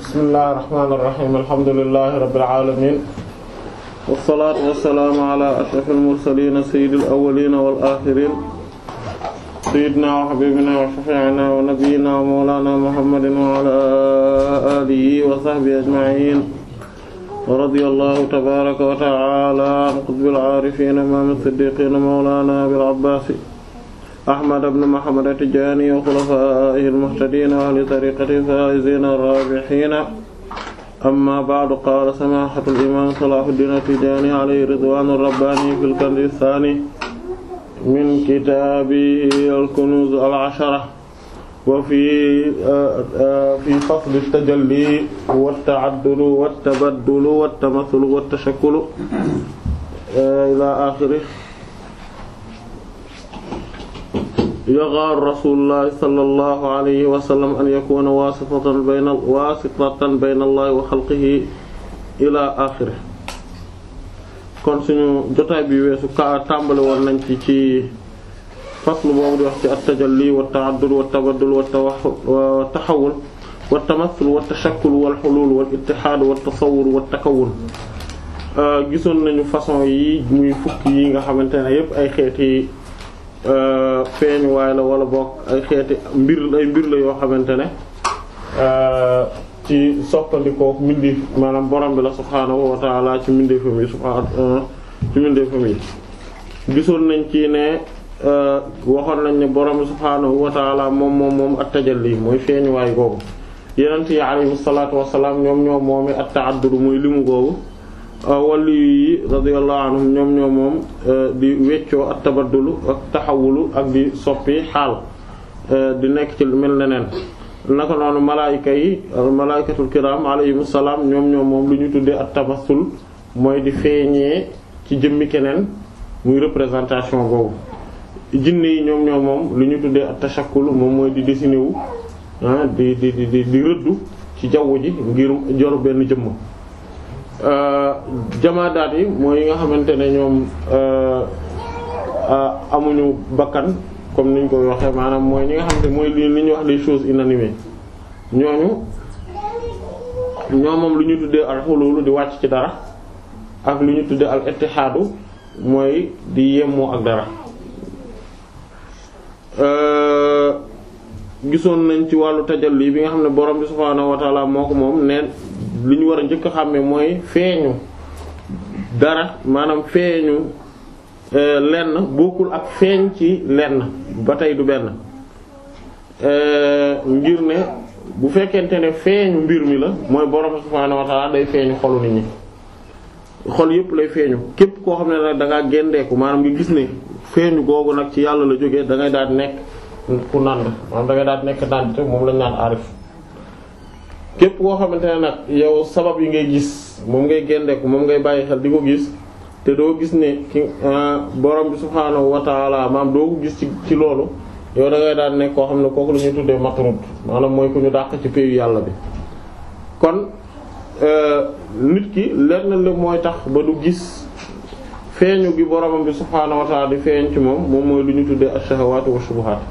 bismillahir rahmanir rahim alhamdulillahi rabbil alamin wassalaatu wassalaamu ala ashrafil mursaliin sayyidil awwaliin wal aaxiriin sayyidinaa wa habiibinaa wa shafii'inaa wa nabiyinaa wa mawlaanaa muhammadin wa alaa aalihi wa sahbihi ajma'iin wa radiyallaahu tabaaraka wa ta'aalaa an qutbil aarifiin imaamid siddiiqiin mawlaanaa abil abbaas ahmad ibn muhammad at-tijaani wa xulafaa'ihi al-muhtadiina wa ahli tariiqatihi al-faa'iziina ar-raabihiina amma ba'du qaala samaahatul imaam salaahuddin at-tijaani alayhi ridwaanu rabbaani fil kanzi saani min kitaabihi al-kunuuz al-ashara wa fii uh, uh, fii fasli at-tajalli wat-ta'addul wat-tabaddul wat-tamathul wat-tashakkul uh, ilaa aaxirihi yaxaaru rasulullahi sallallahu alayhi wa sallam an yakuna wasitatan bayna wasitatan bayna allahi wa xalqihi ila axiri kon suñu jotaay bi weesu ka tàmbali woon nañ ci ci faslu boobu di wax ci at-tajalli wa ta'addud wa tabaddul taxawul wa tamathul wa tashakkul wal hulul wal ittihaad wa tasawwur gisoon nañu façon yi muy fukk yi nga xamante ne yépp ay xeeti Euh, feeñ waay la wala boog ay xeeti mbir ay mbir la yoo xamante ne euh, ci soppandikoo mbindeef maanaam borom bi la subhaanahu wa ci mbindeefam yi subhaanahu ci mbindeefam yi gisoon nañ ci ne euh, waxoon nañ ne borom bi subhaanahu wa ta'ala moom moom moom at-tajalli mooy feeñuwaay googu yeneen yi alayhi salaatu wa salaam ñoom ñoo moom it at-ta'addud mooy limu googu. Euh, wallu yi radiyallahu anhum ñoom ñoo moom euh, di weccoo ak tabaddulu ak taxawulu ak di soppi xaal euh, di nekk ci mel neneen naka noonu malaayika yi malaayikatul kiram alayhimu salaam ñoom ñoo lu ñu tuddee ak tabassul mooy di feeñee ci jëmmi keneen muy représentation boobu jinne ñoom ñoo moom lu ñu tuddee ak tashakkul moom mooy di dessiné ah, di di di rëddu ci jaww ji ngir jor benn jëmm Euh, jamaadaat yi mooy yi nga xamante ne ñoom euh, euh, amuñu bakkan comme niñ koy waxee maanaam mooy ñi nga xamante mooy li li ñuy wax les choses inanimées ñooñu ñoo moom lu ñu tuddee al di wàcc ci dara ak lu ñu tuddee al ittihaadu mooy di yemmoo ak dara gisoon nañ ci wàllu tajalli bi nga xam ne borom bi subhaanahu wa ta'ala moo ko moom neen li ñu war a njëkk a xàmmee mooy feeñu dara maanaam feeñu euh, lenn bokkul ak feeñ ci lenn ba tey du benn euh, ngir ne bu fekkente ne feeñu mbir mi la mooy borom subhaanahu wa ta'ala day feeñu xolu nit ñi xol yépp lay feeñu képp koo xam ne nag da ngaa gendeeku maanaam nga gis ne feeñu googu nag ci yàlla la jógee da ngay daal di nekk ku nand maanaam da ngay daal di nekk nand te moom lañ naan arif képp koo xamante ne nag yow sabab yi ngay gis moom ngay gendeeku moom ngay bàyyi xel di ko gis te doo gis ne ki ah, borom bi subhaanahu wa maam doo ko gis ci loolu yow da daan nekk koo xam ne kooku la ñuy tuddee matrud maanaam mooy ku ñu dàq ci payu yàlla bi kon euh, nit ki lenn li mooy tax ba du gis feeñu gi boromam bi subhaanahu wa taala di feeñ ci moom moom mooy lu ñu tuddee ash-shahawaatu wa shubuhaat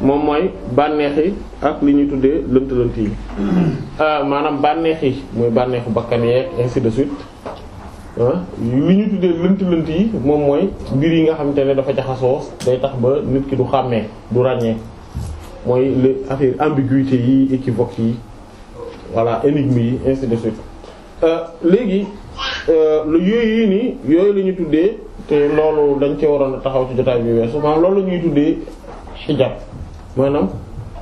moom mooy bànneex yi ak li ñuy tuddee lënt-lënt yi ah, maanaam bànneex yi mooy bànneexu bakkan yeeg de suite ah, li ñuy tuddee yi moom mooy mbir yi nga xamante ne dafa jaxasoo day tax ba nit ki du xàmmee du ràññee mooy le affaires ambiguïté yi équivoque yi voilà énigme yi ainsi de suite euh, léegi euh, lu yooyu yi yooyu la ñuy tuddee te loolu dañ ci waroon a taxaw ci jotaay bi weesu maanaam loolu la ñuy tuddee xijab maanaam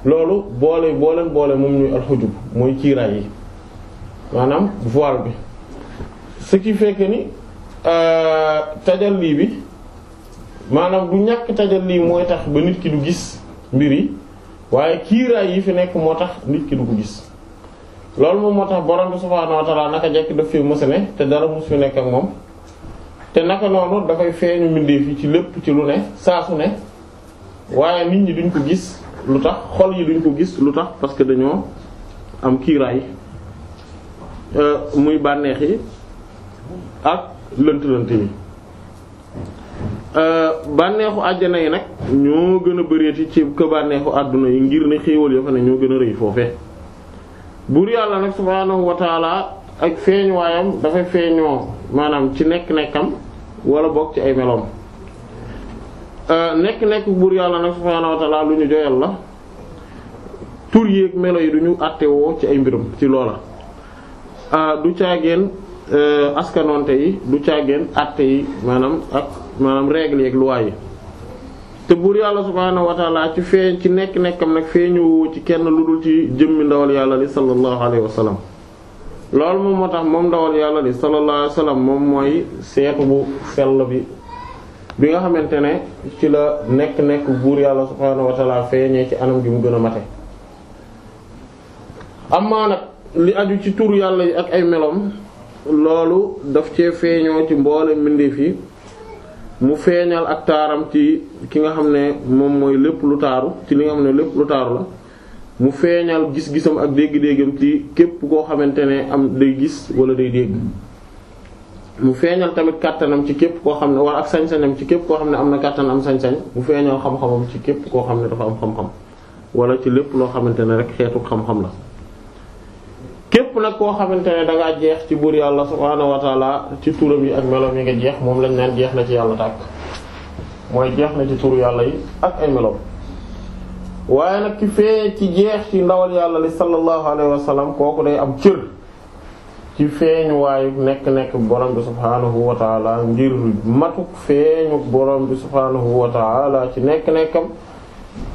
loolu boole boole boole moom ñuy alxujub mooy kiiraay yi maanaam voile bi ce ki fait que ni euh, tajalli bi maanaam du ñàkk tajalli mooy tax ba nit ki du gis mbir yi waaye kiiraay yi fi nekk moo tax nit ki du ko gis loolu moom moo tax borom bi subhaanahu wa naka jekk daf fi mësa ne te dara mos fi nekk ak moom te naka noonu dafay feeñu mbindeef yi ci lépp ci lu ne saa su ne waaye nit ñi duñ ko gis lu tax xol yi duñ ko gis lu tax parce que dañoo am kiiraay euh, muy bànneex yi ak lënt-lënt yi euh, bànneexu àjjana yi nag ñoo gën a bëreeti ci que bànneexu àdduna yi ngir ne xéewal ya fa ne ñoo gën a rëy foofee buur yàlla nag subhaanahu wa taala ak feeñuwaayam dafay feeñoo maanaam ci nekk-nekkam wala bokk ci ay meloom Euh, nekk nekk buur yàlla nag subhaanahu wa lu ñu joyal la tur yeeg melo yi du ñu àttewoo ci ay mbirum ci loola euh, du caageen euh, askanoonte yi du caageen àtte yi maanaam ak maanaam règle yeeg loi yi te buur yàlla subhaanahu wa ta'aala ci feeñ ci nekk nekkam nag feeñu ci kenn lu dul ci jëmmi ndawal yàlla li sallallahu alayhi wa sallam loolu moom moo tax moom ndawal yàlla li sallallahu alayhi wa moom mooy seetu bu sell bi bi nga xamante ne ci la nekk nekk buur yàlla subhaanahu wa feeñee ci anam gi mu gën a mate amaa nag li aju ci tur yàlla yi ak ay melom loolu daf cee feeñoo ci mboole mbindeef yi mu feeñal ak taaram ci ki nga xam ne moom mooy lépp lu taaru ci li nga xam ne lépp lu taaru la mu feeñal gis-gisam ak dégg-déggam ci képp koo xamante ne am day gis wala day dégg mu feeñal tamit kàttanam ci képp koo xam ne wala ak sañ-sañam ci képp koo xam ne am na kàttan am sañ-sañ mu feeñal xam-xamam ci képp koo xam ne dafa am xam-xam wala ci lépp loo xamante ne rek xeetu xam-xam la képp nag koo xamante ne dangaa jeex ci buur yàlla subhaanahu wa taala ci turam yi ak meloom yi nga jeex moom lañ naan jeex na ci yàlla tàkk mooy jeex na ci turu yàlla yi ak ay meloom waaye nag ki fee ci jeex ci ndawal yàlla li sallallahu alayhi kooku day am ci feeñu waayu nekk-nekk borom bi subhaanahu wa taala ngir matuk feeñu borom bi subhaanahu wa taala ci nekk-nekkam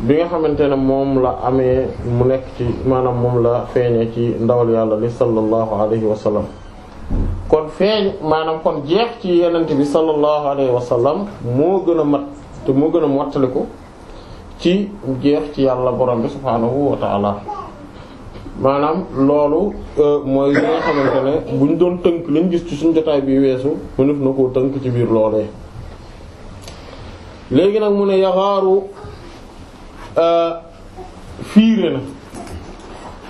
bi nga xamante ne moom la amee mu nekk ci maanaam moom la feeñee ci ndawal yàlla li sallallahu alayhi wa sallam kon feeñ maanaam kon jeex ci yenente bi sallallahu alayhi wa sallam moo gën a mat te moo gën a mottaliku ci jeex ci yàlla boroom bi subhaanahu wa taala maanaam loolu euh, mooy li xamante ne bu ñu doon tënk liñ gis ci suñ jotaay bi weesu mënef na koo tënk ci biir loolee léegi nag mu ne yaxaaru euh, fiire na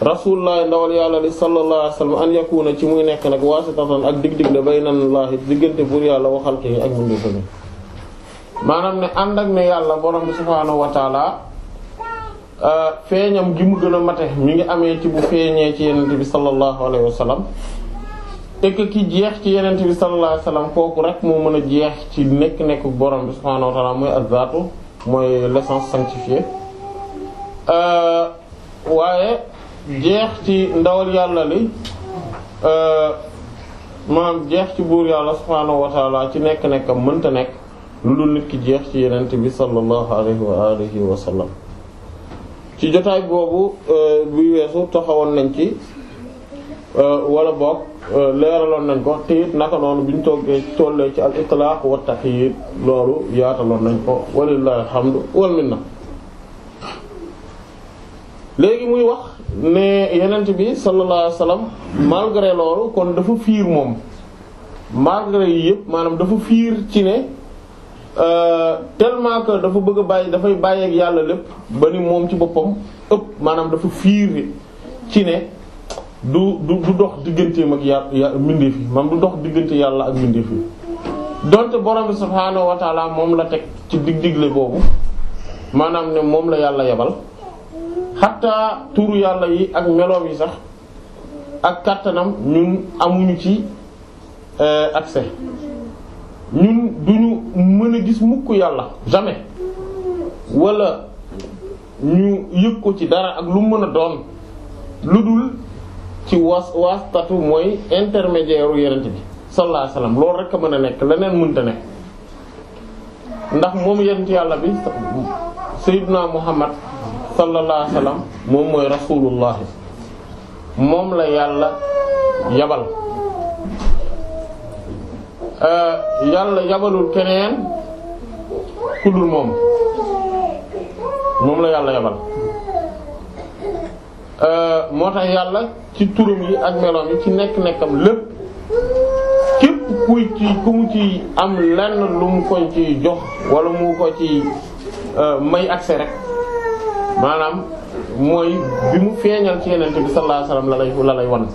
rasulullah ndawal yàlla li sallallahu alayhi wasallam an yakuna ci muy nekk nag waasitatan ak dig dig la baynallaahi diggante buur yàlla waxal ki ak mundu fa maanaam ne ànd ak ne yàlla borom bi subhaanahu Euh, feeñam gi mu gën a mate mi ngi amee ci bu feeñee ci yenente bi sallallahu alayhi wa sallam et ki jeex ci yenente bi sallallahu alayhi kooku rek moo mën a jeex ci nekk-nekk borom bi subhaanahu wa ta'ala mooy azzaatu mooy l'essence sanctifiée euh, waaye jeex ci ndawal yàlla li euh, maanaam jeex ci buur yàlla subhaanahu wa ci nekk-nekkam mënta nekk lu dul nit jeex ci yenente bi sallallahu alayhi wa ci jotaay boobu euh, bi weesu toxawoon nañ ci euh, wala boog euh, leeraloon nañ ko te it naka noonu bi ñu toggee tollee ci al itlaq wa taqyid loolu yaataloon nañ ko walillahi alhamdu wal minna léegi muy wax ne yenent bi sallallahu alayhi wasallam malgré loolu kon dafa fiir moom malgré yi yëpp maanaam dafa fiir ci ne Euh, tellement que dafa bëgg a bàyyi dafay bàyyeeg yàlla lépp ba ni moom ci boppam ëpp maanaam dafa fiir ci ne du du du dox digganteem ak yàlla mbindeef yi maanaam du dox diggante yàlla ak mbindeef yi donte borom bi subhaanahu moom la teg ci dig boobu maanaam ne moom la yàlla yebal xataa turu yàlla yi ak meloom yi sax ak kàttanam ñun amuñu ci euh, accès ñun du mënula gis mukk yàlla jamais wala ñu yëg ko ci dara ak lu mën a doon lu dul ci was waastatu mooy intermédiaire yenent bi sallallahu alayhi loolu rek a mën a nekk leneen mënta nekk ndax moom yenent yàlla bi sayyiduna muhammad sallallahu alayhi moom mooy rasulullahi moom la yàlla yabal euh, yàlla yabalul keneen ku dul moom moom la yàlla yabal euh, moo tax yàlla ci turam yi ak meloom yi ci nekk-nekkam lépp képp kuy ci ku mu ci am lenn lu mu ko ci jox walla mu ko ci euh, may accès rek maanaam mooy bi mu feeñal ci yenente bi sallallahu alayhi la lay wan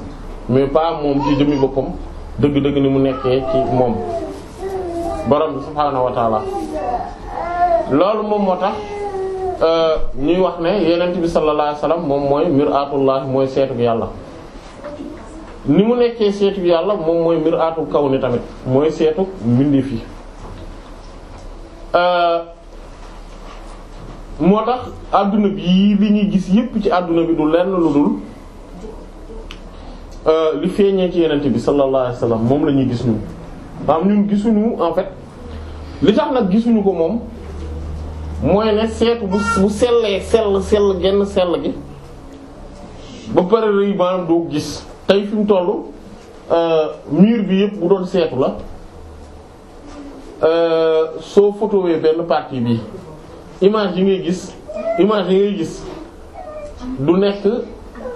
mais pas moom ci jëmmi boppam dëgg-dëgg ni mu nekkee ci moom borom bi subhaanahu loolu moom moo tax euh, ñuy wax ne yenent bi sallallahu alayhi moom mooy miraatullah mooy seetu bi yàlla ni mu nekkee seetu bi yàlla moom mooy miraatul kaw ni tamit mooy seetu mbindeef fi euh, moo tax adduna bi li ñuy gis yépp ci àdduna bi du lenn lu dul euh, li feeñee ci yenent bi sallallahu alayhi wasallam moom la ñuy gis ñun maanaam ñun gisuñu en fait li tax nag gisuñu ko moom mooy ne seetu bu bu sellee sell sell genn sell gi ba pare rëy maanaam doo gis tey fi mu toll euh, mur bi yëpp bu doon seetu la euh, soo photowee benn partie bi image yi ngay gis image yi ngay gis du nekk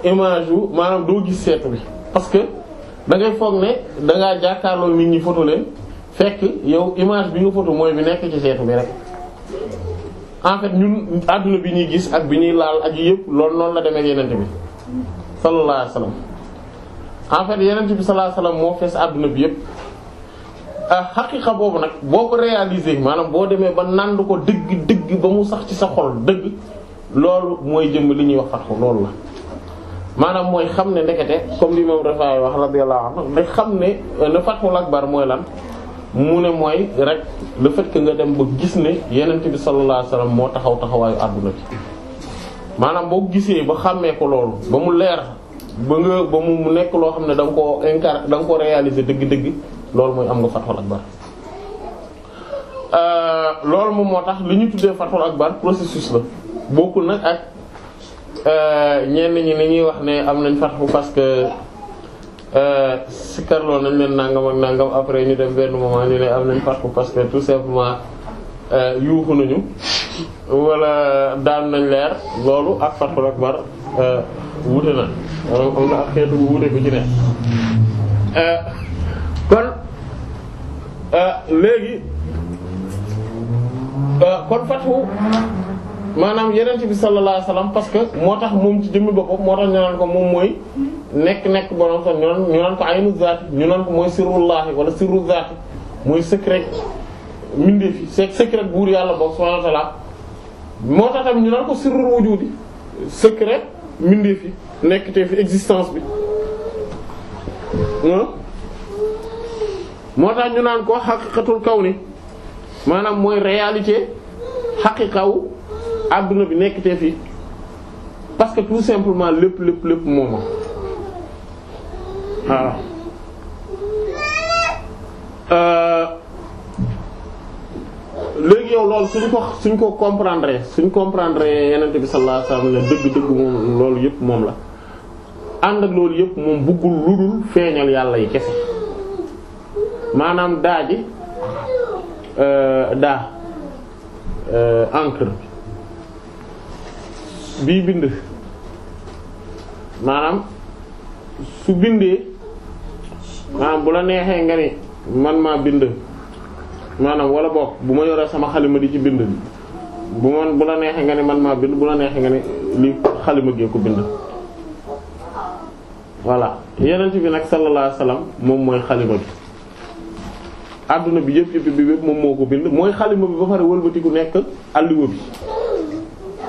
image yu maanaam doo gis seetu bi parce da ngay foog ne da ngaa jàkkaarloo nit ñi photo leen fekk yow image bi nga photo mooy bi nekk ci seetu bi rek en ñun àdduna bi ñuy gis ak bi ñuy laal ak yëpp loolu noonu la demee yenent bi sallallahu alayhi wasallam en fait yenent bi sallallahu moo fees àdduna bi yëpp xaqiqa ah, boobu nag boo ko réaliser maanaam boo demee ba nandu ko dëgg dëgg ba mu sax ci sa xol dëgg loolu mooy jëm li ñuy wax fatxu loolu la maanaam mooy xam ne ndekete comme li moom Rifaay wax radiyallahu anhu ndax xam ne le euh, ak akbar mooy lan mu ne mooy rek le fait nga dem ba gis ne yenent bi sallallahu alayhi wasallam moo taxaw taxawaayu àdduna bi maanaam boo gisee ba xàmmee ko loolu ba mu leer ba nga ba mu nekk loo xam ne danga nga koo incar da nga koo réaliser dëgg-dëgg loolu mooy am nga fathul akbar euh, loolu moom moo tax li ñu tuddee fathul akbar processus la bokkul nag ak Euh, ñenn ñi ni ñuy wax ne am nañ fatxu parce que euh, sikkarloo nañ leen nangam ak nangam après ñu def benn moment ñu ne am nañ fatxu parce que tout simplement euh, yuuxu nañu wala daan nañ leer loolu ak fatxul akbar wuute na maanaam am na ak xeetu bu wuute bu ci ne kon léegi kon fatxu maanaam yenent bi sallallahu alayhi wasallam parce que moo tax moom ci jëmmi boppam moo tax ñu naan ko moom mooy nekk nekk borom sax ñu naan ñu naan ko aynu zaati ñu naan wala sirru zaati mooy secret mindee fi buur yàlla boobu subhanahu wa hmm? moo tax ñu naan ko sirrul fi nekk te fi existence bi moo tax ñu naan ko kaw kawni maanaam mooy réalité xaqiqaw adduna bi nekkatee fi parce que tout simplement lépp lépp lépp mooma waaw euh, léegi yow loolu suñ ko suñ ko comprendre suñ comprendre yenente bi sallallahu alayhi wasallam ne dëgg-dëgg moom loolu yëpp moom la ànd ak loolu yëpp moom bëggul ludul feeñal yàlla yi kese maanaam daa ji euh, daa euh, encre bii bind maanaam su bindee maanaam bu la neexee nga ni man maa bind maanaam wala boog bu ma yoree sama xalima di ci bind bu man bu la neexee nga ni man maa bind bu la neexee nga ni li xalima gee ko bind voilà yenent bi nag sallallahu alayhi moom mooy xalima bi adduna bi yëpp yëpp bi yëpp moom moo ko bind mooy xalima bi ba pare wëlbatiku nekk alliwa bi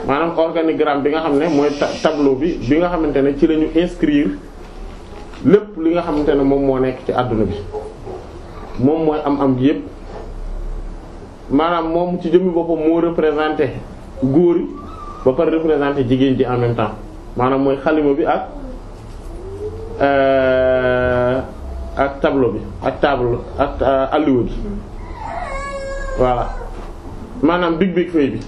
maanaam organigramme bi nga xam ne mooy tableau bi bi nga xamante ne ci la ñu lépp li nga xamante ne moom moo nekk ci àdduna bi moom mooy am am gi yépp maanaam moom ci jëmmi boppam moo représenter góor ba pare représenter jigéen ji en même temps maanaam mooy xalima bi ak euh, ak tableau bi ak tableau ak alluwa euh, bi hmm. voilà maanaam big big fay bi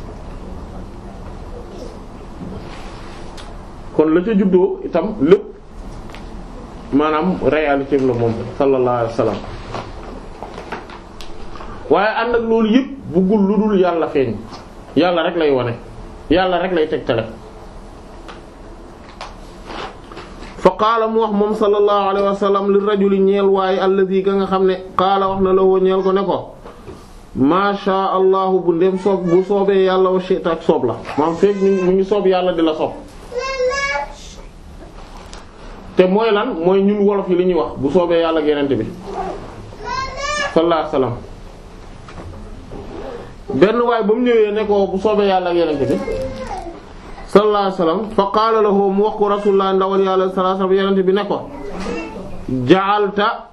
kon la ca juddoo itam lépp maanaam réalité la moom sallallahu alayhi waaye ànd ak loolu yëpp buggul lu dul yàlla feeñ yàlla rek lay wone yàlla rek lay tegtale fa qaala mu wax moom sallallahu alayhi wa sallam li rajuli ñeel waaye alladi ga nga xam ne qaala wax na la woo ñeel ko ne ko maasha allahu bu ndem soob bu soobee yàlla wa shit ak soob la maam fekk mu ngi soob yàlla di la soob te mooy lan mooy ñun wolof yi li ñuy wax bu soobee yàlla ak yenente bi sallallahu alayhi benn waay ba mu ñëwee ne ko bu soobee yàlla ak yenente bi sallallahu alayhi wasallam fa qaala lahu mu wax ko rasulullah ndawal yàlla sallallahu alayhi wasallam bi ne ko ja'alta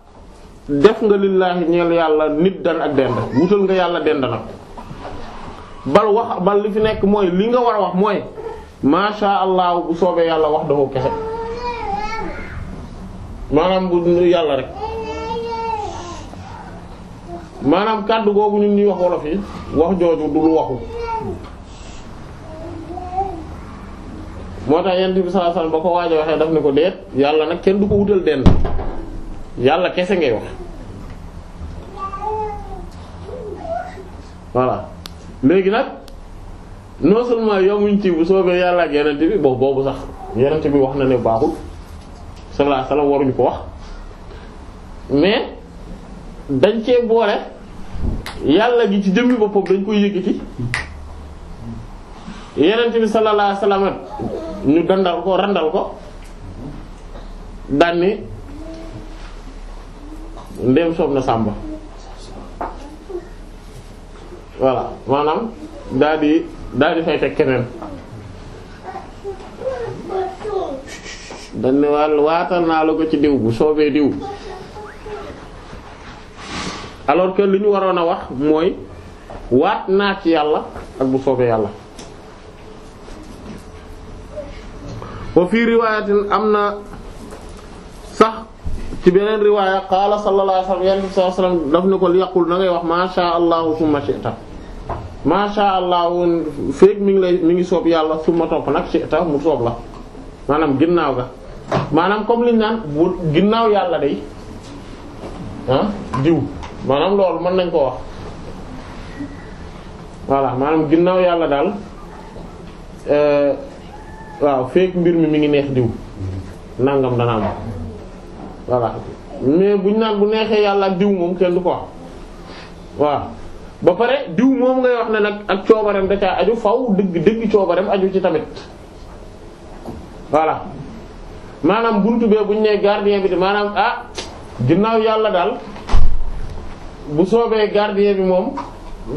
def nga lillaahi ñeel yàlla nit dan ak dend wutal nga yàlla dend nag bal wax bal li fi nekk mooy li nga war a wax mooy masha allah bu soobee yàlla wax dafa kese maanaam bu yàlla rek maanaam kàddu googu ñun ñuy wax wolof yi wax jooju du lu waxu moo tax yent bi sallallahu alayhi ba ko waaja waxee daf ne ko deet yàlla nag kenn du ko wutal denn yàlla kese ngay wax voilà léegi nag non seulement yomuñ ci bu soobee yàlla ak bi boobu sax yenente bi wax na ne baaxul sallallahu alayhi waruñu ko wax mais dañ cee boore yàlla gi ci jëmmi boppam dañ koy yëkkati yeneen bi sallallahu ñu dandal ko randal ko daan ndéem soob na sàmba voilà maanaam daal di daal di fay teg keneen dañ wàll waatal naa la ko ci diw bu soobee diw alors que li ñu waroon a wax mooy waat naa ci yàlla ak bu soobee yàlla wa fii riwaayatin am na sax ci beneen riwaaya qaala sallallahu la wa sallam daf ne ko yàqul na ngay wax ma sha allahu summa shi'ta ma sha allahu feek mi ngi lay mi ngi soob yàlla summa topp nag shi'ta mu soob la maanaam ginnaaw ga maanaam comme liñ naan bu ginnaaw yàlla day ah diw maanaam loolu mën nañ koo wax voilà maanaam ginnaaw yàlla daal euh, waaw feek mbir mi mi ngi neex diw nangam dana am voilà mais buñ naan bu neexee yàlla ak diw moom kenn du ko wax waaw ba pare diw moom ngay wax ne nag ak coobareem da ca aju faw dëgg dëgg coobareem aju ci tamit voilà maanaam buntu bee bu ñu nee gardien bi de maanaam ah ginnaaw yàlla daal bu soobee gardien bi moom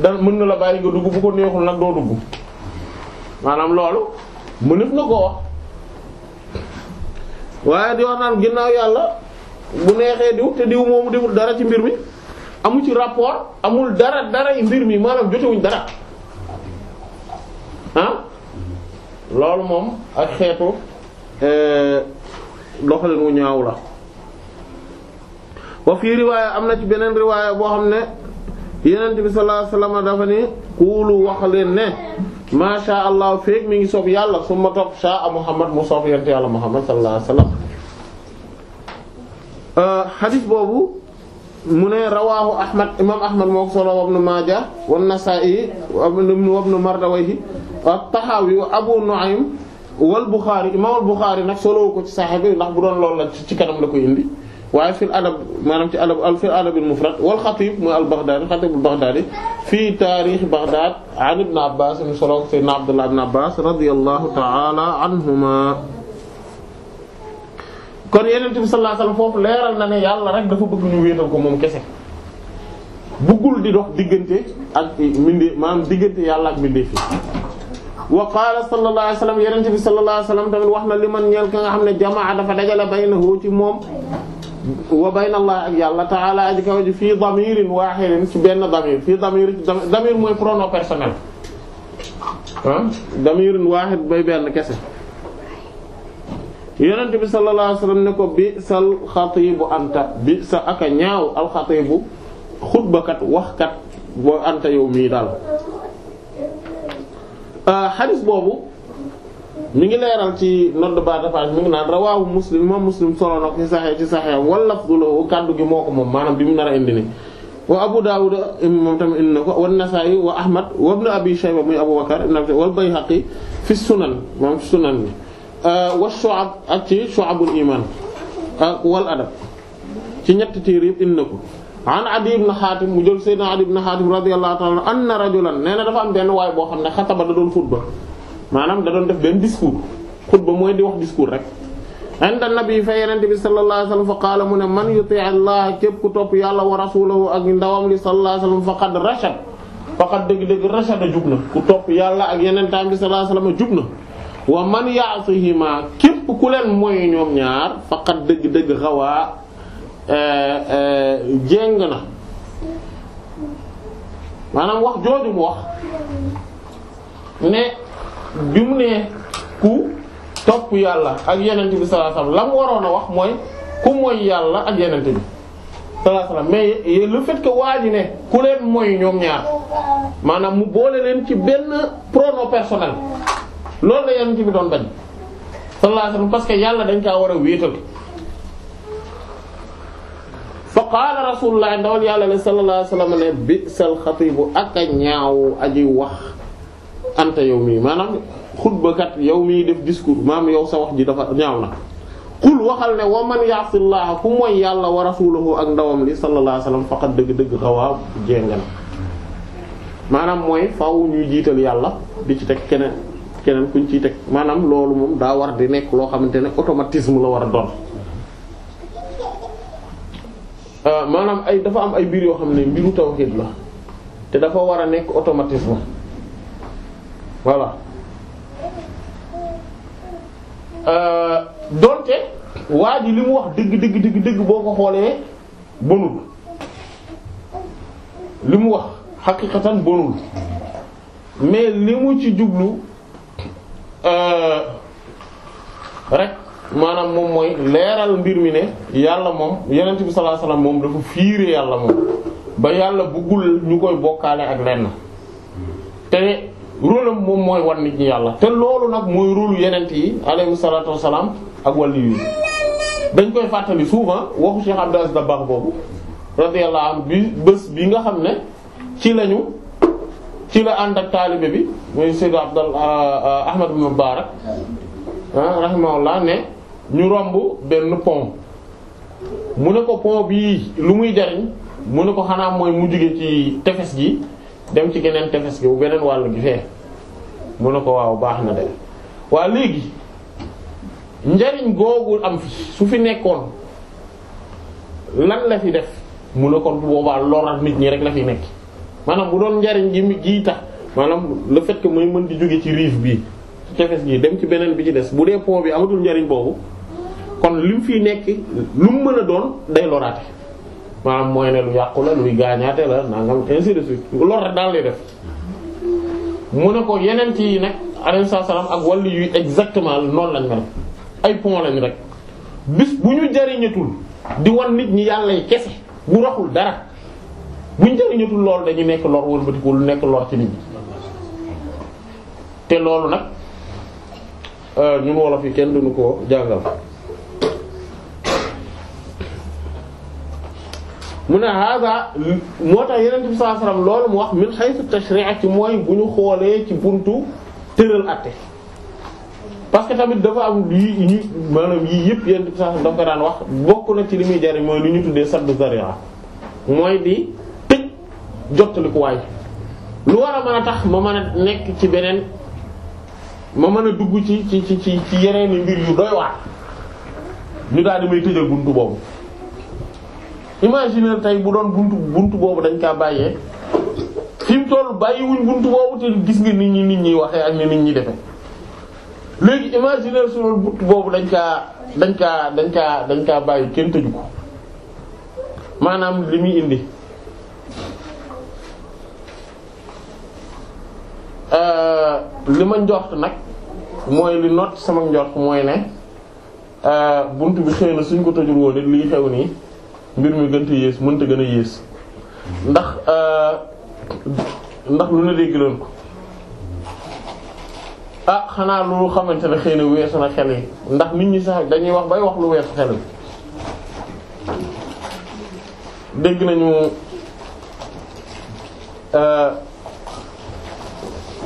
dal mën na la bàyyi nga dugg bu ko neexul nag doo dugg maanaam loolu mënef na ko wax waaye di wax naan ginnaaw yàlla bu neexee diw te diw moomu diwul dara ci mbir mi amu ci rapport amul dara dara mbir mi maanaam jotewuñ dara ah loolu moom ak xeetu euh, doxalin wu ñaaw la wa fii riwaaya am na ci beneen riwaaya boo xam ne yenent bi sallallahu alayhi dafa ni kuulu wax leen ne masha allah feek mi ngi soob yàlla su ma topp sha muhammad mu soob yent yàlla muhammad sallallahu alayhi wasallam euh, boobu mu ne rawaahu ahmad imam ahmad moo solo wa ibn Maaja wa Nasaa'i wa ibn Mardawaayhi wa Tahaawi wa Abu Nu'aym wal Buxaari imaamul Buxaari nag solowu ko ci Sahih bi ndax bu doon loolu la ci kanam la koy indi waaye fil adab maanaam ci adab fil adab al mufrad wal xatib mooy al Baghdadi xatibul Baghdadi fii taarix Baghdad an ibn Abbas mu solo ko sayyidina Abdullah ibn Abbas radiyallahu ta'ala anhuma kon Yonent bi sallallahu alayhi wasallam foofu leeral na ne yàlla rek dafa bëgg ñu wéetal ko moom kese bëggul di dox diggante ak mbindee maanaam diggante yàlla ak mbindee fi wa qaala sallallahu alayhi wa sallam yenente bi sallallahu alayhi wa sallam tamit wax na li man ñeel ka nga xam ne jamaa dafa dajale baynahu ci moom wa bayna allah ak yàlla ta'ala aji kaw ji fii damirin waaxidin ci benn damir fii damir damir mooy pronom personnel ah damirin waaxid bay benn kese yonent bi sallallahu alayhi wasallam ne ko bi sal xatibu anta bi sa aka ñaaw alxatibu xutbakat waxkat boo anta yow mii daal xadis euh, boobu mu ngi leeral ci nodd ba dafa mi ngi naan rawaahu muslim imam muslim solo na ci saxee ci saxee wal lafdu lahu kàddu gi moo ko moom maanaam bi mu nar a indi wa abu dawud moom tamit indi na ko wa nasaa'i wa ahmad wa ibn abi shayba muy abu bakar wal bayhaqi fi sunan moom sunan bi euh, wa shu'ab ak ci shu'abul iman ak wal adab ci ñetti téere yëpp indi na ko an Adi ibn Hatim mu jël sayyidina Adi ibn Hatim radiyallahu ta'ala anna rajulan nee na dafa am benn waay boo xam ne xataba da doon xutba maanaam da doon def benn discours xutba mooy di wax discours rek inda nabi fa yenente bi sallallahu alayhi wasallam fa qaala mu ne man yuti allah képp ku topp yàlla wa rasulahu ak ndawam li sallallahu alayhi wasallam faqad rashad faqad dëgg-dëgg rashada jub na ku topp yàlla ak yenentaam bi sallallahu alayhi wasallam jub na wa man ya'sihima képp ku leen mooy ñoom ñaar faqad dëgg-dëgg xawaa Eh, eh, jéng na maanaam wax jooju mu wax ne bi mu ne ku topp yàlla ak yenent bi sallallahu alayhi la mu waroon a wax mooy ku moy yàlla ak yenent bi sallallahu mais le fait que waa ji ne ku leen moy ñoom ñaar maanaam mu boole leen ci benn pronom personnel loolu la yenent bi doon bañ sallallahu alayhi wasallam parce que yàlla dañ kaa war a wéetal fa qaala rasulullah ndawal yàlla ne sallallahu alayhi wasallam ne bi'sal xatibu ak a ñaaw aji wax anta yow mii maanaam xutbakat yow mii def discours maanaam yow sa wax ji dafa ñaaw na qul waxal ne wa man ya'sillaha ku mooy yàlla wa rasuluhu ak ndawam li sallallahu alayhi wasallam dëgg-dëgg xawaa jéngan maanaam mooy faw ñuy jiital yàlla di ci teg keneen keneen kuñ ciy teg maanaam loolu moom daa war di nekk loo xamante ne automatisme la war a doon Euh, maanaam ay dafa am ay biir yoo xam ne mbiru tawhid la te dafa war a nekk automatisme voilà euh, donte waa ji li mu wax dëgg dëgg dëgg dëgg boo ko xoolee bonul li mu wax xaqiqatan bonul mais li mu ci jublu euh, rek maanaam moom mooy leeral mbir mi ne yàlla moom yonent bi sallallahu alayhi moom dafa fiire yàlla moom ba yàlla bëggul ñu koy bokkaale ak lenn te rôle am moom mooy wan nit ñi yàlla te loolu nag mooy rôle yonent yi alayhi salaatu wassalaam ak wàllu yi dañ koy fàttali souvent waxu Cheikh Abdou Aziz Dabakh boobu radiyallahu anhu bi bés bi nga xam ne ci lañu ci la ànd ak taalibe bi mooy Seydou Abdal ah, ah, Ahmad ibn Mubarak ah, rahimahullah ne ñu romb benn pont mu ne ko pont bii lu muy jariñ mu ne ko xanaa mooy mu jóge ci tefes gi dem ci geneen tefes gi bu beneen wàll gi fee mu ne ko waaw baax na de waa léegi njariñ googu am fi su fi nekkoon lan la fi def mu ne ko bu boobaa loraat nit ñi rek la fi nekk maanaam bu doon njariñ gi gii tax maanaam la fekk que mooy mën di jóge ci rive bii tefes gi dem ci beneen bi ci des bu dee pont bi amatul njariñ boobu kon lim fiy nekk lu mën a doon day loraate maanaam mooy ne lu yàqu la luy gaañaate la ne ko yeneen yi nag ak wàllu yu exactement noonu lañ mel ay pont lañ rek bis bu ñu jariñatul di wan nit ñi yàlla yi kese bu dara bu ñu jariñatul loolu dañu nekk lor lu nekk lor ci nit ñi te loolu nag Euh, ñun wolof yi kenn duñu ko jàngal mu ne haasa moo tax yeneen bi sallallahu alayhi loolu mu wax min haythu tashri' ci mooy bu ñu xoolee ci buntu tëral àtte parce que tamit dafa am yi yi maanaam yii yëpp yeneen bi sallallahu alayhi bokk na ci li muy jariñ mooy li ñu tuddee sadd di tëj jottali ko waay lu war a mën a tax ma mën a nekk ci beneen ma mën a dugg ci ci ci ci ci yeneen mbir yu doy waar ñu daal di may tëjal buntu boobu imaginer tey bu doon buntu buntu boobu dañ kaa bàyyee fi mu toll bàyyiwuñ buntu boobu te gis nga nit ñi nit ñi waxee ak ni nit ñi defee léegi imaginer su doon buntu boobu dañ kaa dañ kaa dañ kaa dañ kaa bàyyi kenn tëju ko maanaam li muy indi. Euh, li ma njort nag mooy li not sama njor mooy ne euh, bunt bi xëy na suñ ko tëjul woon it lii xew nii mbir mi gën a yées mënta gën a yées ndax euh, ndax lu ne dégg leen ko ah xanaa lu xamante ne xëy na weesu na xel yi ndax nit ñi sax dañuy wax bay wax lu weesu xel yi dégg nañu euh,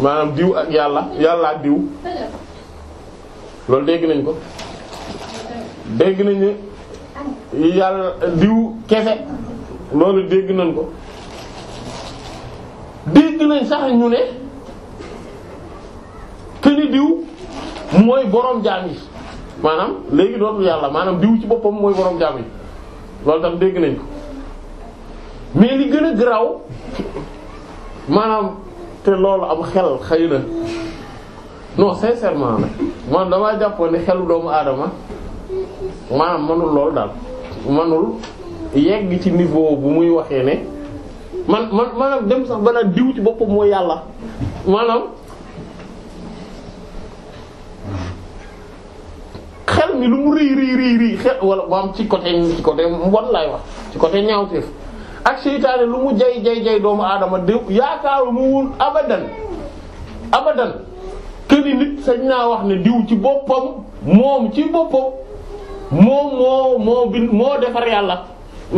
maanaam diw ak yàlla yàlla ak diw loolu dégg nañ ko dégg nañu yàlla diw kese loolu dégg nañ ko dégg nañ sax ñu ne te diw mooy boroom jaam yi maanaam léegi dootul yàlla maanaam diw ci boppam mooy boroom jaam yi loolu tam dégg nañ ko mais li gën a garaaw maanaam te loolu am xel xëy na non sincèrement nag man damaa jàppoon ne xelu doomu aadama maanaam manul loolu daal manul yegg ci niveau bu muy waxee ne man man maanaam dem sax banaa diw ci boppam mooy yàlla maanaam xel mi lu mu rëy rëy rëy xel wala maam ci côté ci côté mbon wax ci côté ñaawteef ak seytaane lu mu jay jay doomu aadama di yaakaaru mu woon abadan abadan këni nit sañ naa wax ne diw ci boppam moom ci boppam moom moo moo defar yàlla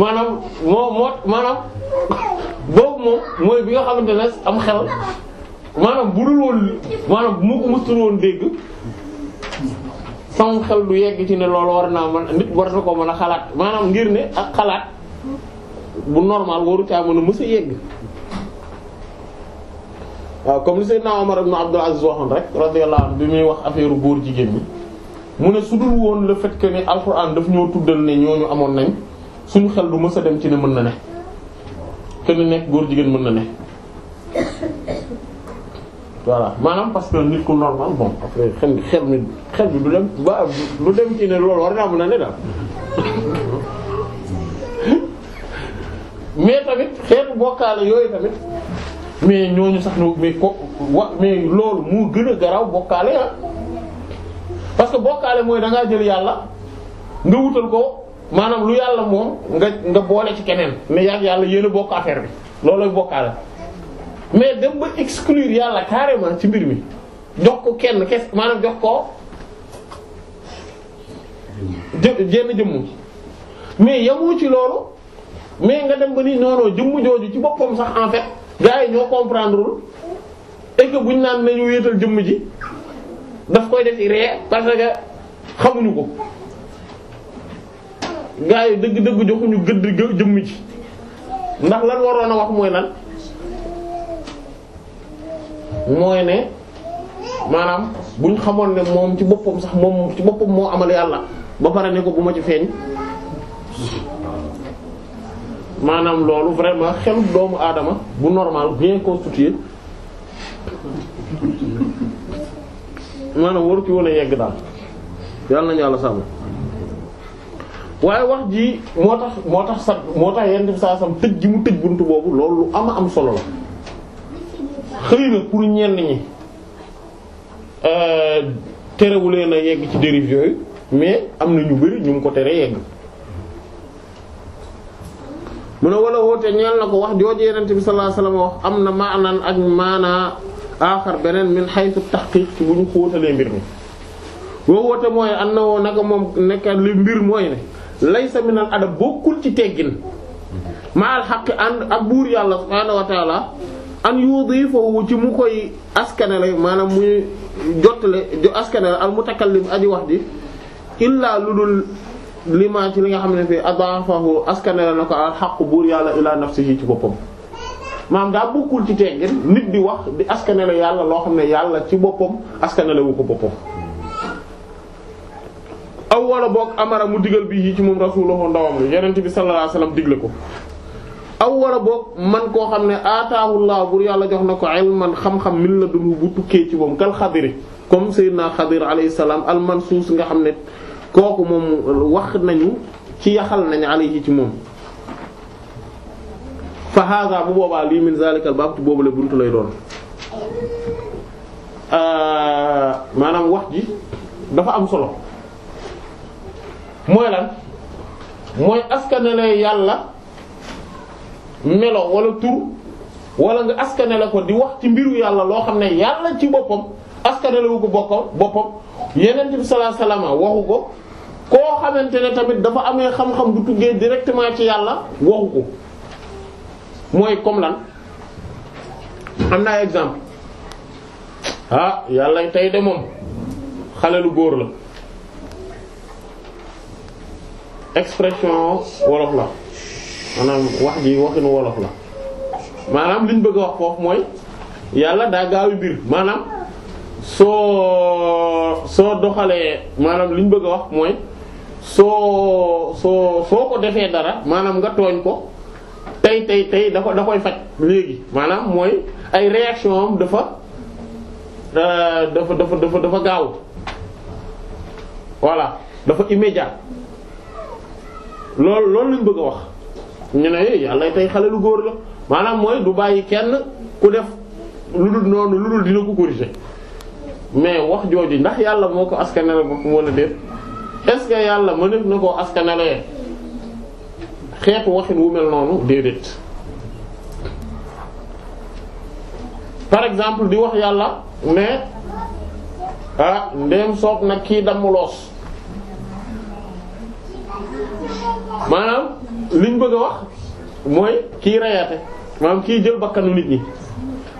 maanaam moo moo maanaam boobu moom mooy bi nga xamante ne am xel maanaam bu dul woon maanaam bu mu ko mësul dégg sama xel du yegg ci ne loolu war naa man nit war na ko mën a xalaat maanaam ngir ne ak xalaat bu normal waru caa mën a mës a yegg waaw comme li naa Omar ibn Abdul Aziz waxoon rek radiyallahu anhu bi muy wax affaire góor jigéen ñi mu ne su dul woon le fait que ne alxuraan daf ñoo tuddal ne ñooñu amoon nañ suñu xel du mës a dem ci ne mën na ne kenn nekk góor jigéen mën na ne voilà maanaam parce que nit ko normal bon après xel xel mi xel bi du dem ba du dem ci ne loolu war naa mën a ne daal mais tamit xeetu bokkaale yooyu tamit mais ñooñu sax ñoo mais ko wa mais loolu moo gën a garaaw bokkaale ah parce que bokkaale mooy da ngaa jël yàlla nga wutal ko maanaam lu yàlla moom nga nga boole ci keneen mais yàgg yàlla yéen a bokk bi loolooy bokkaale mais dem ba exclure yàlla carrément ci mbir mi jox ko kenn kes maanaam jox ko jë jenn jëmm mais yamu ci loolu mais nga dem ba ni noonu jëmm jooju ci boppam sax en gars yi ñoo comprendre et que buñ naan nañu wéetal jëmm ji daf koy def ree parce que xamuñu ko gars yi dëgg-dëgg joxuñu gëdd jëmm ji ndax lan waroon a wax mooy lan mooy ne maanaam bu buñ xamoon ne moom ci boppam sax moom ci boppam moo amal yàlla ba pare ne ko bu ma ci feeñ maanaam loolu vraiment xelu doomu aadama bu normal bien constitué maanaam waru ci woon a yegg daal yàlla nañu yàlla sàmm waaye wax ji moo tax moo tax sa moo tax yenn saa sam tëj gi mu tëj buntu boobu loolu lu ama am solo la xëy na pour ñenn ñi euh, terewulee na yegg ci dérive yooyu mais am na ñu bari ñu ngi ko tere yegg mu ne wala woote ñeel na ko wax jooju yenente bi sallallahu alayhi wasallam wax am na maanaan ak maana aaxar beneen min haythu tahqiq ci bu ñu xóotalee mbir mi boo woote mooy an na woo naka moom nekk li mbir mooy ne lay minal adab bokkul ci teggin maal xaqi ànd ak buur yàlla subhaanahu wa taala an ci mu koy askanele maanaam muy jottale askanele al mutakallim aji wax di illaa lu dul li ci li nga xam ne fii adaafahu askanela na ko al xaqu buur yàlla ila nafsihi ci boppam maanaam daa bokkul ci teggin nit di wax di askanela yàlla loo xam ne yàlla ci boppam askanela wu ko boppam aw wala boog amara mu digal bi yi ci moom rasulahu ndawam li yenent bi sallallahu alayhi wasallam digle ko aw wala boog man koo xam ne aataahullah buur yàlla jox na ko ilman xam-xam min la dunhu bu tukkee ci moom kal xadiri comme sayyidina xadir alayhi salaam nga xam ne kooku moom wax nañu ci yaxal nañu alayhi ci moom fa hada bu boobaa lii min zalikal baab boobu la buntu lay doon euh, maanaam wax ji dafa am solo mooy lan mooy askanale yàlla melo wala tur wala nga askanale ko di wax ci mbiru yàlla loo xam ne yàlla ci boppam askanale wu ko boppam boppam yeneen bi sallallahu alayhi waxu ko koo xamante ne tamit dafa amee xam-xam bu tuggee directement ci yàlla waxu ko mooy comme lan am naa exemple ah yàlla tey de moom xale lu góor la expression wolof la maanaam wax ji waxinu wolof la maanaam liñ bëgg a wax foofu mooy yàlla daa gaawi mbir maanaam soo soo doxalee maanaam li ñu bëgg a wax mooy soo soo soo ko defee dara maanaam nga tooñ ko tey tey tey dafa ko faj léegi maanaam mooy ay réaction am dafa euh, dafa dafa dafa dafa gaaw voilà dafa immédiat loolu loolu lañ bëgg a wax ñu ne eh, yàlla tey xale lu góor la maanaam mooy du bàyyi kenn ku def lu dul noonu lu dul dina ko corriger mais wax jooju ndax yàlla moo ko askanale boppam wala déet est-ce que yàlla mënef na koo askanale xeetu waxin wu mel noonu déedéet par exemple di wax yàlla ne ah ndéem soob nag kii damm maanaam liñ bëgg a wax mooy kii reyaate maanaam kii jël bakkanu nit ñi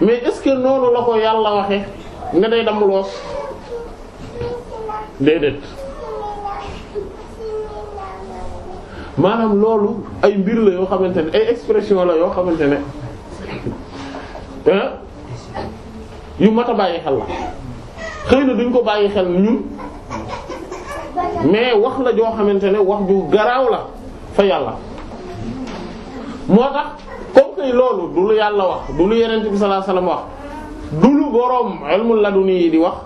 mais est-ce que noonu la ko yàlla waxe ne day damm loos déedéet maanaam loolu ay mbir la yoo xamante ne ay expression la yoo xamante ne ah, yu mat a bàyyi xel la xëy na duñ ko bàyyi xel ñun mais wax la joo xamante ne wax ju garaaw la fa yàlla moo tax comme que loolu du lu yàlla wax du lu yeneen bi sallallahu alayhi wasallam wax du lu boroom ilmul laduni yi di wax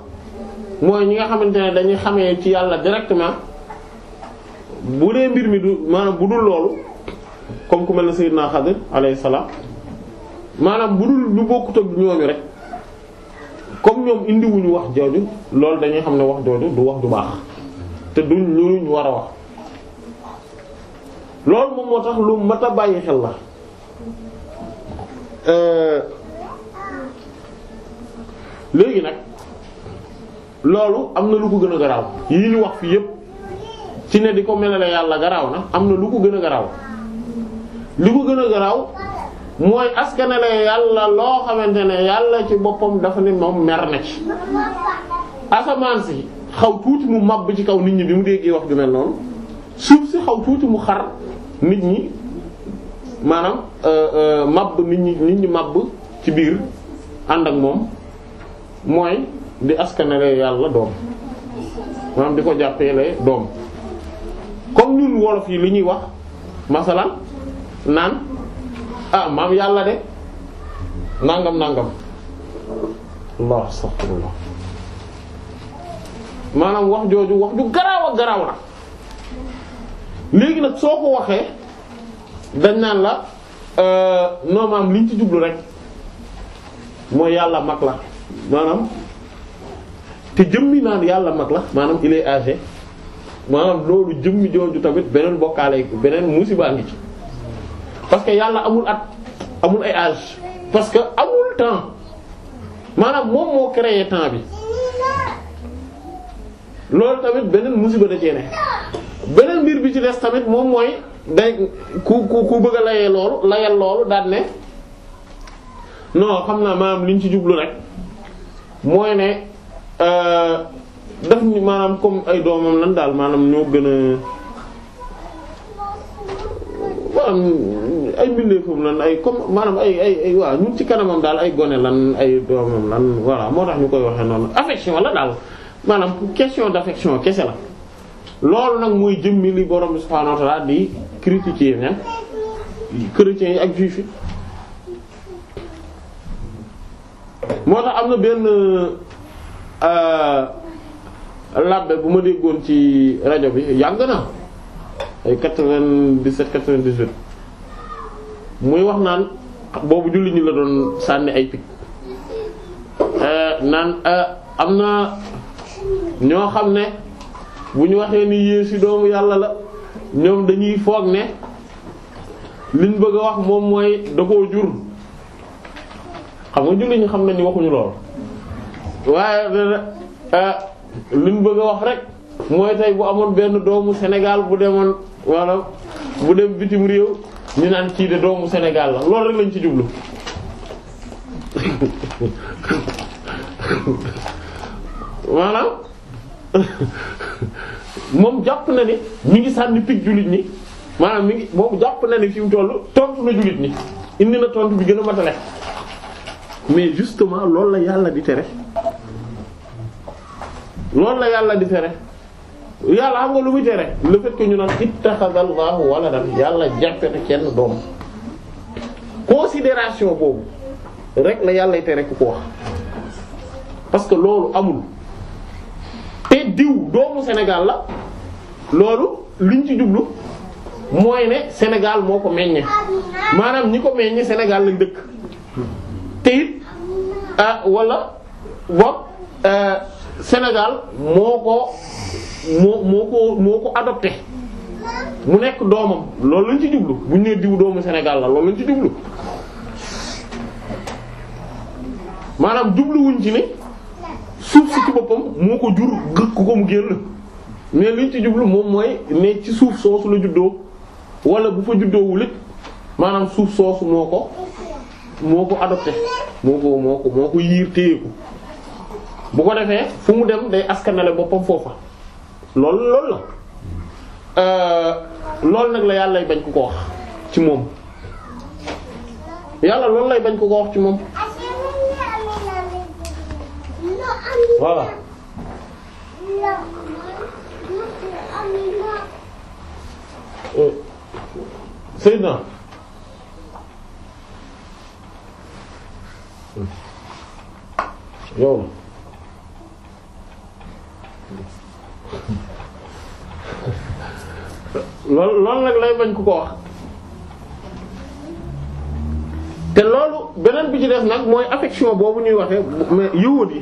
mooy ñi nga xamante ne dañuy xamee ci yàlla directement bu dee mbir mi du maanaam bu dul loolu comme ku mel na Sayyidina Xadir alayhi salaam maanaam bu dul lu bokkut ak ñooñu rek comme ñoom indiwuñu wax jooju loolu dañuy xam ne wax jooju du wax du baax te du lu ñu war a wax loolu moom moo tax lu mat a bàyyi xel la. Euh, léegi nag loolu am na lu ko gën a garaaw yii ñu wax fii yépp ci ne di ko melale yàlla garaaw na am na lu ko gën a garaaw lu ko gën a garaaw mooy askanale yàlla loo xamante ne yàlla ci boppam dafa ne moom mer na ci asamaan si xaw tuuti mu màbb ci kaw nit ñi bi mu déggee wax ju mel noonu suuf si xaw tuuti mu xar nit ñi maanaam euh, euh, màbb nit ñi nit ñi màbb ci biir ànd ak moom mooy di askanale yàlla doom maanaam di ko jàppeele doom comme ñun wolof yi li ñuy wax masalan naan ah maam yàlla de nangam nangam allah astaghfirullah maanaam wax jooju wax ju garaaw a garaaw la léegi nag soo ko waxee dañ naan la euh, non li liñ ci jublu rek mooy yàlla mag la maanaam te jëmmi naan yàlla mag la maanaam il est âgé maanaam loolu jëmmi jooju tamit beneen bokkaale beneen musiba ngi ci parce que yàlla amul at amul ay age parce que amul temps maanaam moom moo créé temps bi loolu tamit beneen musiba da cee beneen mbir bi ci des tamit moom mooy day ku ku ku bëgg a layee loolu layal loolu daan ne non xam naa maanaam liñ ci jublu rek mooy ne euh, daf maanaam comme ay doomam lan daal maanaam ñoo gën a maanaam ay mbindeefam lan ay comme maanaam ay ay ay waaw ñun ci kanamam daal ay gone lan ay doomam lan voilà moo tax ñu koy waxee noonu affection la daal maanaam question d'affection kese la loolu nag mooy jëmmi li borom bi subhaanahu wa critiquer ne chrétiens yi ak juifs yi moo tax am na benn euh, labbe bu ma déggoon ci rajo bi yàgg na ay 97 98 muy wax naan boobu julli ñu la doon sànni ay picc euh, naan euh, am na ñoo xam ne bu ñu waxee ni Yeesu doomu yàlla la ñoom dañuy foog ne liñ bëgg a wax moom mooy da koo jur xam nga julli ñu xam na ni waxuñu lool waaye euh, euh, li mu bëgg a wax rek mooy tey bu amoon benn doomu Sénégal bu demoon wala bu dem bitim réew ñu naan kii de doomu Sénégal la loolu rek lañ ci jublu maanaam moom jàpp na ni mi ngi sànni picc jullit ñi maanaam mi ngi moom jàpp na ni fi mu toll tontu na jullit ñi indi na tontu bi gën a matale mais justement loolu la yàlla di tere loolu la yàlla di tere yàlla xam nga lu muy tere le fait que ñu naan ittaxazallahu waladan yàlla jàppe na kenn doom considération boobu rek la yàllay tere ku ko wax parce que loolu amul te diw doomu Sénégal la loolu liñ ci jublu mooy ne Sénégal moo ko meññe maanaam ñi ko meññe Sénégal lañ dëkk te it ah wala boog eh, Sénégal moo ko moo ko moo ko adopté mu nekk doomam loolu lañ ci jublu bu ñu nee diw doomu Sénégal la loolu lañ ci jublu maanaam jubluwuñ ci ne suuf si ci boppam moo ko jur gëkk ko mu génn mais luñ ci jublu moom mooy ne ci suuf soosu la juddoo walla bu fa juddoo wulit maanaam suuf soosu moo ko moo ko adopté moo ko moo ko moo ko yiir téye bu ko defee fu mu dem day askanale boppam foofa loolu loolu euh, nag la yàlla bañ ku ko wax ci moom yàlla loolu lay bañ ku ko wax ci moom voilà euh, yow la loolu loolu nag lay bañ ku ko wax te loolu beneen bi ci def nag mooy affection boobu ñuy waxee mais yi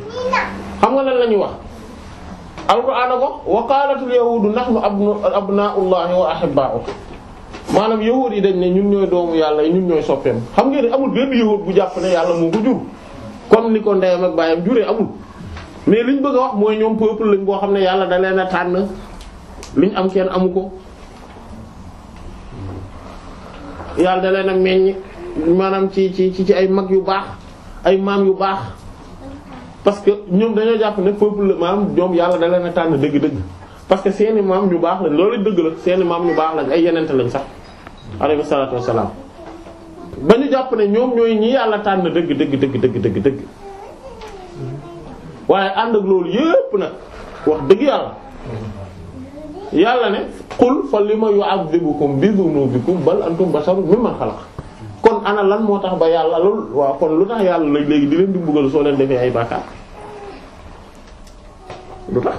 xam nga lan la ñuy wax alquran a ko wa qaalatul yahuudu nahnu abnaa'ullahi wa ahibba'u maanaam yahuud yi dañ ne ñun ñooy doomu yàlla ñun ñooy soppeem xam ngeen ne amul benn yahuud bu jàpp yàlla moo ko jur comme ni ko ndeyam ak baayam juree amul mais ñu bëgg a wax mooy ñoom peuple lañ boo xam ne yàlla da leen a tànn liñ am kenn amu ko yàlla da leen a meññ maanaam ci ci ci ay mag yu baax ay maam yu baax parce que ñoom dañoo jàpp ne la maam ñoom yàlla da leen a tànn dëgg-dëgg parce que seeni maam ñu baax lañ loolu dëgg la seeni maam ñu baax lañ ay yenente lañ sax alayhi salaatu wassalaam ba ñu jàpp ne ñoom ñooy ñi yàlla tànn dëgg dëgg dëgg dëgg dëgg dëgg waaye ànd ak loolu yépp nag wax dëgg yàlla yàlla ne qul fa lima yu'adhibukum bi dhunubikum bal antum basharun mimman khalaq kon ana lan moo tax ba yàlla lool waaw kon lu tax yàlla léegi di leen di mbugal soo leen defee ay bàkkaar lu tax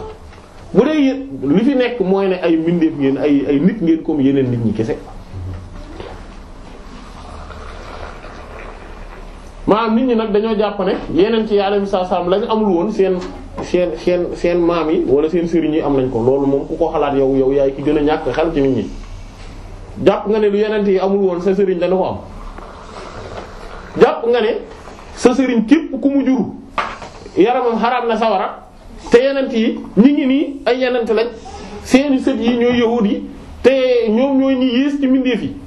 bu dee li fi nekk mooy ne ay mbindeef ngeen ay ay nit ngeen comme yeneen nit ñi kese maanaam nit ñi nag dañoo jàpp yeneen ci yàlla bi saa saam lañ amul woon seen seen seen seen maam yi wala seen sëriñ yi am nañ ko loolu moom ku ko xalaat yow yow yaay ki gën a ñàkk xel ci nit ñi jàpp nga ne lu yeneen yi amul woon sa sëriñ dana ko am jàpp nga ne sa sëriñ képp ku mu jur yaramam xaraam na sawara te yeneen yi ñu ngi nii ay yeneen lañ seeni sët yi ñooy yahudi yi te ñoom ñooy ñi yées ci mbindeef yi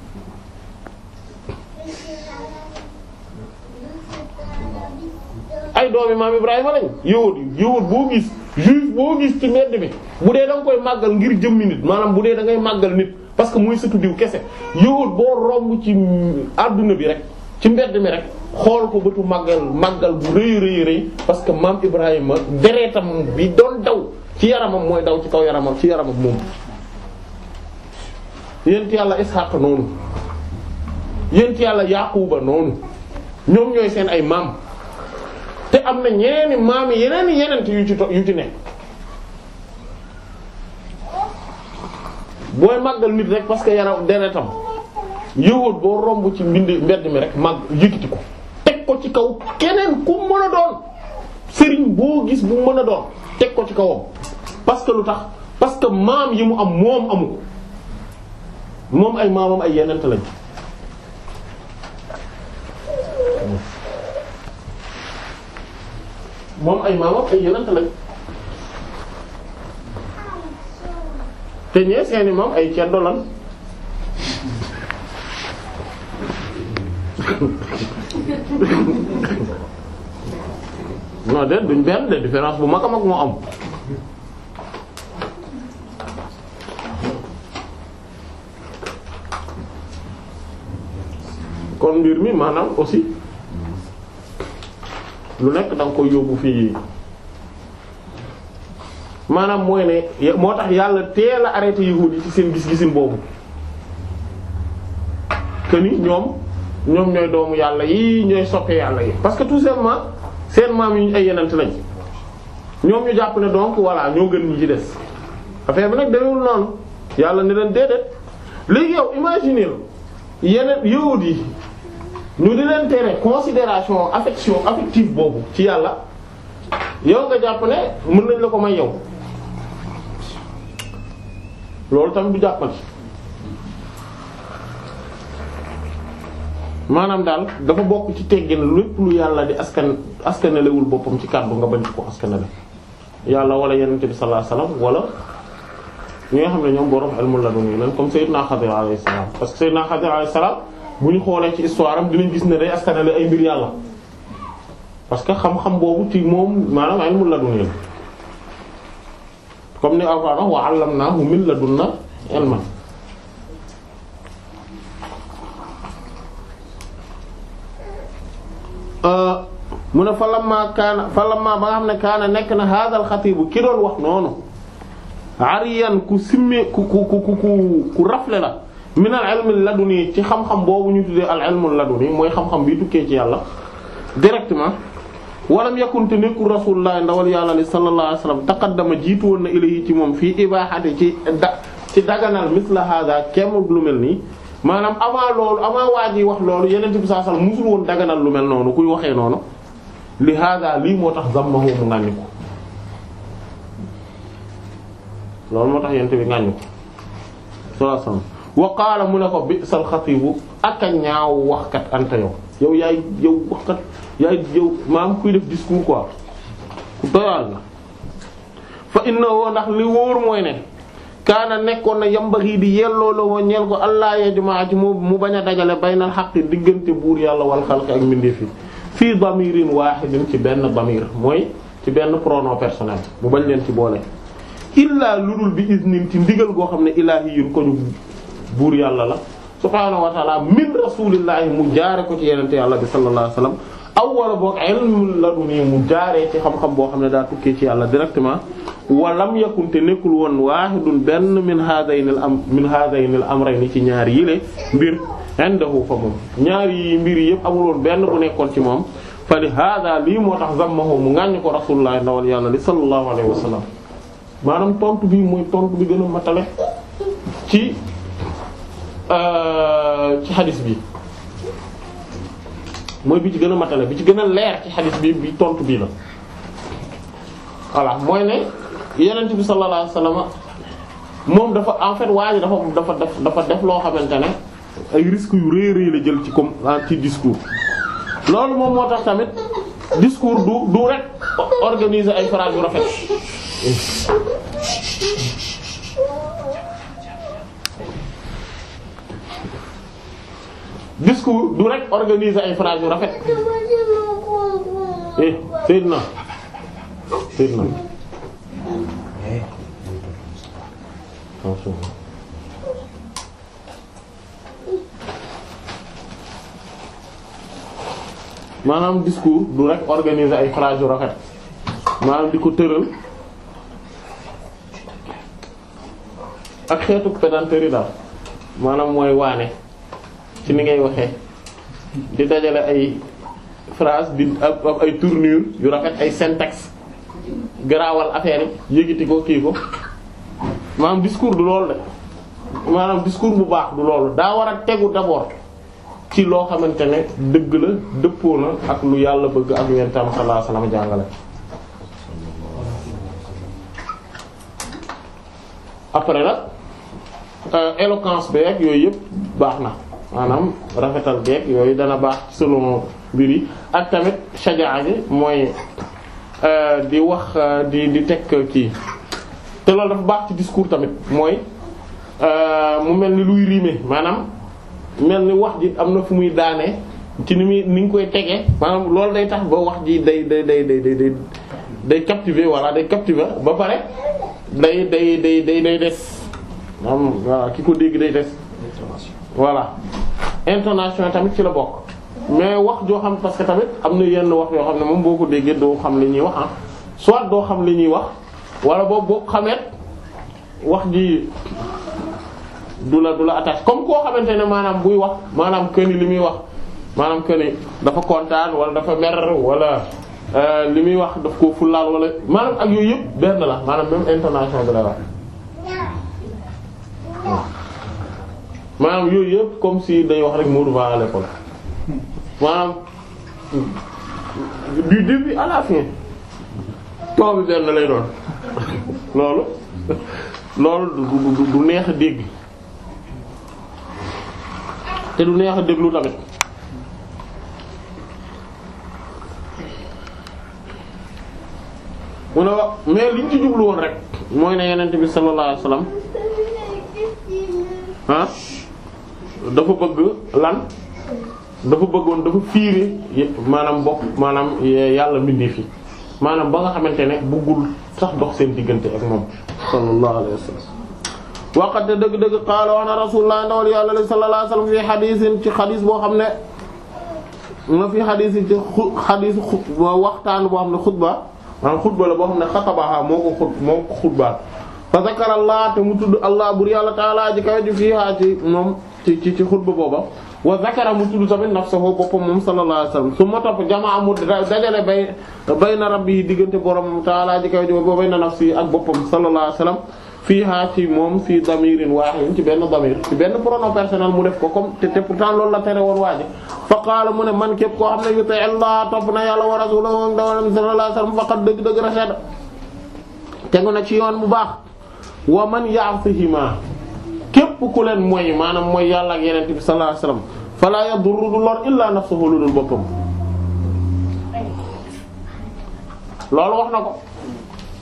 ay doomi maam Ibrahima lañ yowut yowut boo gis juif boo gis ci mbedd bi bu dee da koy màggal ngir jëmmi nit maanaam bu dee dangay màggal nit parce que muy sëtu diw kese yowut boo romb ci àdduna bi rek ci mbedd mi rek xool ko bëtu màggal màggal bu rëy rëy rëy parce que maam Ibrahima deretam bi doon daw ci yaramam mooy daw ci kaw yaramam ci yaramam moom yent yàlla Ishaq noonu yent yàlla Yaquba noonu ñoom ñooy seen ay maam te am na ñeneen maam yeneen yenent yu ci to yu ci ne booy màggal nit rek parce que yaram deretam yëwul boo romb ci mbind mbedd mi rek màgg yëkkati ko teg ko ci kaw keneen ku mën a doon sëriñ boo gis bu mën a doon teg ko ci kawam parce que lu tax parce que maam yi mu am moom amu moom ay maamam ay yenent lañ moom ay maamam ay yonent lañ te ñee seeni maam ay ceddo lan non de duñ benn de bu mag a mag moo am kon mbir mi maanaam aussi lu nekk da nga koy yóbbu fii maanaam mooy ne moo tax yàlla teel la arrêté yahuud yi ci seen gis-gisin boobu que ni ñoom ñoom ñooy doomu yàlla yi ñooy soppe yàlla yi parce que tout simplement seen maam yi ñu ay yenant lañ ñoom ñu jàpp ne donc voilà ñoo gën ñi ci des affaire bi nag demewul noonu yàlla ne leen déedéet léegi yow imaginer yeneen yahuud yi ñu di leen tere considération affection affective boobu ci yàlla yow nga jàpp mën nañ la ko may yow loolu tamit du jàppal maanaam daal dafa bokk ci teggin lépp lu yàlla di askan askanalewul boppam ci kàddu nga bañ ko askanale yàlla wala yonent bi sallallahu alayhi wasallam wala ñi nga xam ne ñoom borom ilmu ladun yi lañ comme Sayyidna Xadir alayhi salaam parce que Sayyidna Xadir alayhi salaam bu ñu xoolee ci histoire am dinañ gis ne day askanale ay mbir yàlla parce que xam-xam boobu ci moom maanaam ay mun la dun yén comme ni alquran wax wa allamnahu min ladunna ilma euh, mu ne fa lamma kaana fa lamma ba nga xam ne kaana nekk na haadal xatibu ki wax noonu ariyan ku simmee ku ku ku ku rafle la min al ilm laduni ci xam-xam boobu ñu tuddee al ilm laduni mooy xam-xam bi tukkee ci yàlla directement walam yakun te nekkul rasulullah ndawal yàlla li sallallahu alayhi wasallam taqaddama jiitu woon na ilayhi ci moom fii ibaaxate ci da ci daganal misla hada kem lu mel nii maanaam avant loolu avant waa ji wax loolu yeneen bi saa sal musul woon daganal lu mel noonu kuy waxee noonu li hada lii moo tax zammahu mu ngàññu ko loolu moo tax yeneen bi ngàññu ko sallallahu wa qaala mu ne ko bi'sal xatiibu ak a ñaaw waxkat anta yow yow yaay yow waxkat yaay yow maam kuy def discours quoi doyal na fa innahu ndax li woor mooy ne kaana nekkoon na yambaxii di yelloo la woo ñeel ko allah yajmaa ci mu bañ a dajale baynal xaqi diggante buur yàlla wal xalqi ak mbindeef yi fii damirin waahidin ci benn damir mooy ci benn pronom personnel mu bañ leen ci boole illaa ludul bi iznin ci ndigal goo xam ne ilaahi yun buur yàlla la subhaanahu wa ta'ala min rasulillahi mu jaare ko ci yenente yàlla bi sallallahu alayhi wasallam aw wala boog ilmul laduni mu jaaree ci xam-xam boo xam ne daa tukkee ci yàlla directement walam te nekkul woon waahidun benn min haadayni al am min haadayni al amrayni ci ñaari yile mbir indahu fa moom ñaari yi mbir yëpp amul woon benn bu nekkoon ci moom fa li haada lii moo tax zammahu mu ngàññ ko rasulullah ndawal yàlla li sallallahu alayhi wa sallam a Euh, ci xadis bi mooy bi ci gën a matale bi ci gën a leer ci xadis bi bi tontu bii la voilà mooy ne yenent bi sallallahu alayhi wasallam moom dafa en fait waa dafa dafa def dafa def loo xamante ne ay risques yu rëy rëy la jël ci comme ah, ci discours loolu moom moo tax tamit discours du du rek organiser ay phrase yu rafet discours du rek organiser ay phrases yu rafet eh Seydina Seydina maanaam discours du rek organiser ay phrases yu rafet maanaam di ko tëral ak xeetu pédanterie daal maanaam mooy waane ci ni ngay waxe di dajale ay phrase di ab ay tournure yu rafet ay syntaxe garaawal affaire yi yëgiti ko kii ko maanaam discours du loolu de maanaam discours bu baax du loolu daa war a tegu d'abord ci loo xamante ne dëgg la dëppoo na ak lu yàlla bëgg ak yentam sallallahu alayhi wasallam jàngale après nag euh, éloquence beeg yooyu yëpp baax na maanaam rafetal geeg yooyu dana baax solo mbir yi ak tamit sajaa gi mooy euh, di wax euh, di di tek kii te loolu dafa baax ci discours tamit mooy euh, mu mel ni luy riime maanaam mel ni wax ji am na fu muy daane ci ni muy ni nga koy tegee maanaam loolu day tax ba wax ji day day day day day day captiver walla day captiver ba pare day day day day day des maanaam ki ko dégg day des. voilà intonation tamit ci la bokk mais wax joo xam parce que tamit am na yenn wax yoo xam ne moom boo ko déggee doo xam li ñuy wax ah soit doo xam li ñuy wax wala boobu boo xamee wax ji du la du la attache comme koo xamante ne maanaam buy wax maanaam que ni li muy wax maanaam que ni dafa kontaan wala dafa mer wala euh, li muy wax daf koo fulaal wala maanaam ak yooyu yëpp benn la maanaam même intonation bi la wax. maanaam yooyu yëpp comme si day wax rek Modou va à l'école maanaam du début à la fin tool bi benn lay doon loolu loolu du du du neex a dégg te du neex a déglu tamit. mu ne wax mais liñ ci jublu woon rek mooy ne yonent bi sallallahu alayhi wasallam ah? dafa bëgg lan dafa bëggoon dafa fiire maanaam bokk maanaam yàlla mbindi fi maanaam ba nga xamante ne bu bëggul sax dox seen diggante ak moom sallallahu alayhi wa sallam waqate dëgg-dëgg qaala wax na rasulullah ndawal la sallallahu alayhi wa sallam fi xadiisin ci xadiis boo xam waxtaan boo xam ne xutba maanaam xutba la boo xam ne xatabaha moo ko moo ko xutbaa fa zakara allah te mu tudd allah bur yàlla taala ji kawe ju fiihaa ci moom ci ci ci xutba booba wa zakara mu tudd tamit nafsahu boppam moom sallallahu alayhi wasallam su ma topp jamaa mu dajale bay bay na rab yi diggante borom taalaa ji kaw ji ba na nafsi ak boppam sallallahu alayhi wasallam fii haa ci moom fii damirin waaxin ci benn damir ci benn pronom personnel mu def ko comme te te pourtant loolu la tere woon waaje fa mu ne man képp koo xam ne yu tey allah topp na yàlla wa rasulahu sallallahu alayhi wasallam faqad dëgg dëgg rashada tegu na ci yoon bu baax wa man ya'sihima képp ku leen mooy maanaam mooy yàlla ak yeneen bi sallallahu alayhi wasallam fala du lor illaa nafsuhu lu dul boppam loolu wax na ko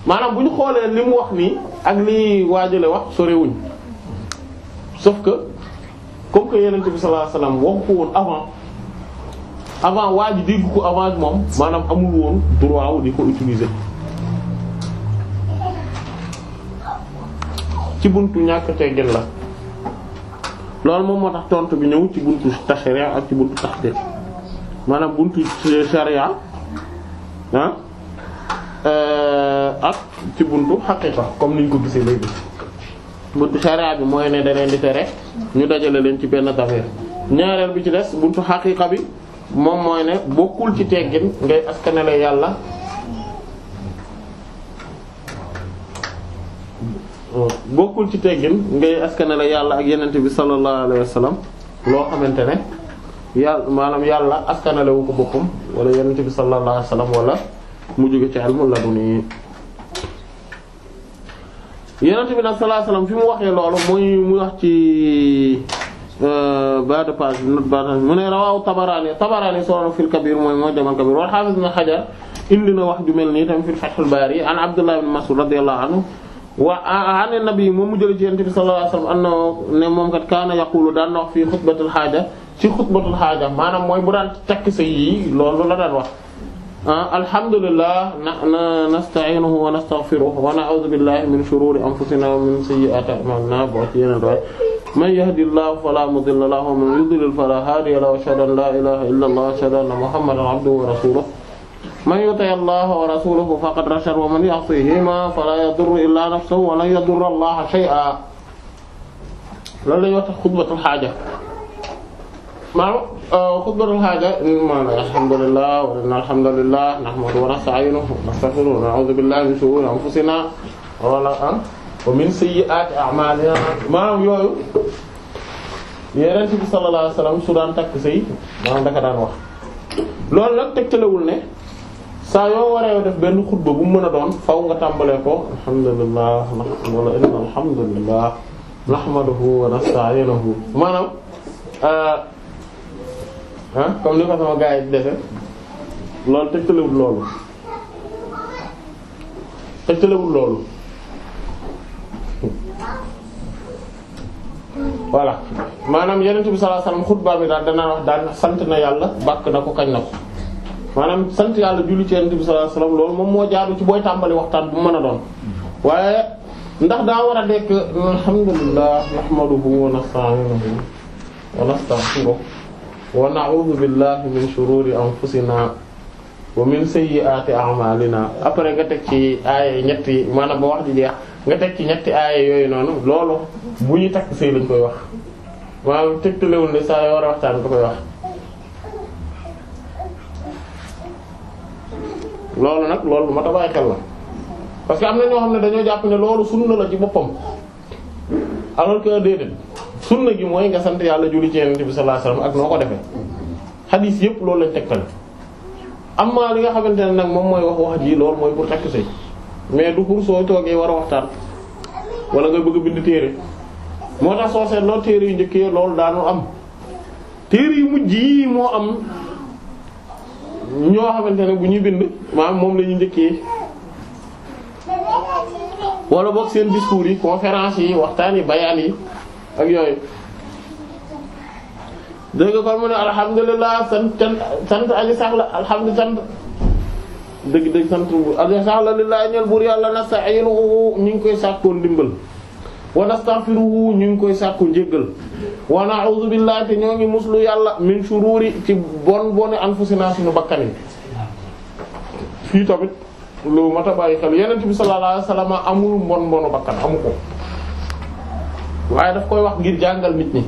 maanaam bu ñu xoolee li mu wax nii ak li waajale wax sorewuñ sauf que comme que yeneen bi sallallahu alayhi wasallam waxu ko woon avant avant waa ji dégg ko avant moom maanaam amul woon droit wu di ko utiliser ci buntu ñàkk teggin la loolu moom moo tax tontu bi ñëw ci buntu tashri'a ak ci buntu tahdir maanaam buntu sharia ah euh, ak ci buntu xaqiqa comme niñ ko gisee léegi buntu sharia bi mooy ne da di tere ñu dajale leen ci benn affaire ñaareel bi ci des buntu xaqiqa bi moom mooy ne bokkul ci teggin ngay askanale yàlla bokkul ci teggin ngay askanale yàlla ak yenente bi sallallahu alayhi wa loo xamante ne yàlla maanaam yàlla askanale wu wala yenente bi sallallahu alayhi wa sallam wala mu jóge ci ilmu laduni yenente bi nag sallallahu alayhi wa sallam fi mu waxee loolu mooy mu wax ci euh, bas de mu ne rawaw Tabarani Tabarani solo fil kabir mooy moo jamal kabir wal hafiz ibn Hajar indi na wax ju mel nii tamit fil Fathul Bari an Abdullah ibn Mas'ud radiyallahu anhu wa an nabi moom mu jëlee ci yonent bi sallallahu alayhi wasallam anna ne moom kat kaana yaqulu daan na wax fii xutbatul xaaja ci xutbatul xaaja maanaam mooy bu daan takk sa yii loolu la daan wax ah, alhamdulillah nahnu nasta'inuhu wa nastaghfiruhu wa na'udhu billahi min shururi anfusina wa min sayyi'ati a'malina boo ci yeneen doy man yahdihillahu fala mudilla lahu wa man yudlil fala hadiya lahu wa ashhadu an la ilaha illa allah wa ashhadu anna muhammadan abduhu wa rasuluhu man yuti allaha wa rasulahu faqad rashad wa man ya'sihima fala yadurru illa nafsahu wa lan yadurra allaha shay'a loolu la ñuy wax xutbatul xaaja maanaam euh, xutbatul xaaja maanaam alhamdulillah wa inna alhamdulillah nahmaduhu wa nasta'inuhu wa nastaghfiruhu wa na'udhu billahi min shururi anfusina wa ah, min sayyi'ati a'malina maanaam yooyu Yonent bi sallallahu alayhi wa sallam su daan takk sëy maanaam daka daan wax loolu nag tegtalewul ne saa yoo waree def benn xutba bu mu mën a doon faw nga tàmbalee ko alhamdulillah wala inna alhamdulillah nahmaduhu wa nasta'inuhu maanaam ah comme ni ko sama gaa yi di defee loolu tegtalewul loolu loolu voilà maanaam yeneen bi sallallahu alayhi wasallam xutba bi daal danaa wax daal sant na yàlla bàkk na ko kañ na ko maanaam sant yàlla julli ci Yonent bi sallallahu alayhi booy tàmbali waxtaan bu mën a doon waaye ndax daa war a nekk alhamdulillah nahmaduhu wa nasta'inuhu wa nastaghfiruh wa na'udhu billahi min shururi anfusina wa min sayyi'ati a'malina après nga teg ci aaya ñett yi maanaam ba wax jeex nga teg ci ñetti aaya yooyu noonu loolu bu ñu takk sëy lañ koy wax maanaam tegtalewul ne saa yoo war a waxtaan nga koy wax loolu nag loolu lu ma tabaay xel la parce que am na ñoo xam ne dañoo jàpp ne loolu sunna la ci boppam alors que déedéet sunna gi mooy nga sant yàlla julli ci yonent bi sallallahu alayhi wasallam ak noo ko defee xadiis yépp loolu lañ am amma li nga xamante ne nag moom mooy wax wax ji lool mooy pour takk sëy mais du pour soo toogee war a waxtaan wala nga bëgg a bind téere moo tax soo seetloo téere yu njëkkee loolu daanu am téere yu mujj yi moo am ñoo xamante ne bu ñuy bind maanaam moom la ñuy njëkkee wala boog seen discours yi conférence yi waxtaan yi bayaan yi ak yooyu dégg nga kon mu ne alhamdulilah sant sant aji sax la alhamdulilah sant dëgg dëgg sant bu aji sax la lillahi ñeel buur yàlla na sa ñu ngi koy sàkkoon ndimbal wa nastaghfiruhu ñu ngi koy sàkku njéggal wa na'udhu billahi te ñoo ngi muslu yàlla min ci bon boni anfusina suñu bakkan yi fii tamit lu mat a xel yenent bi sallallahu alayhi wasallam amul mbon mbonu bakkan amu ko waaye daf koy wax ngir jàngal mit ñi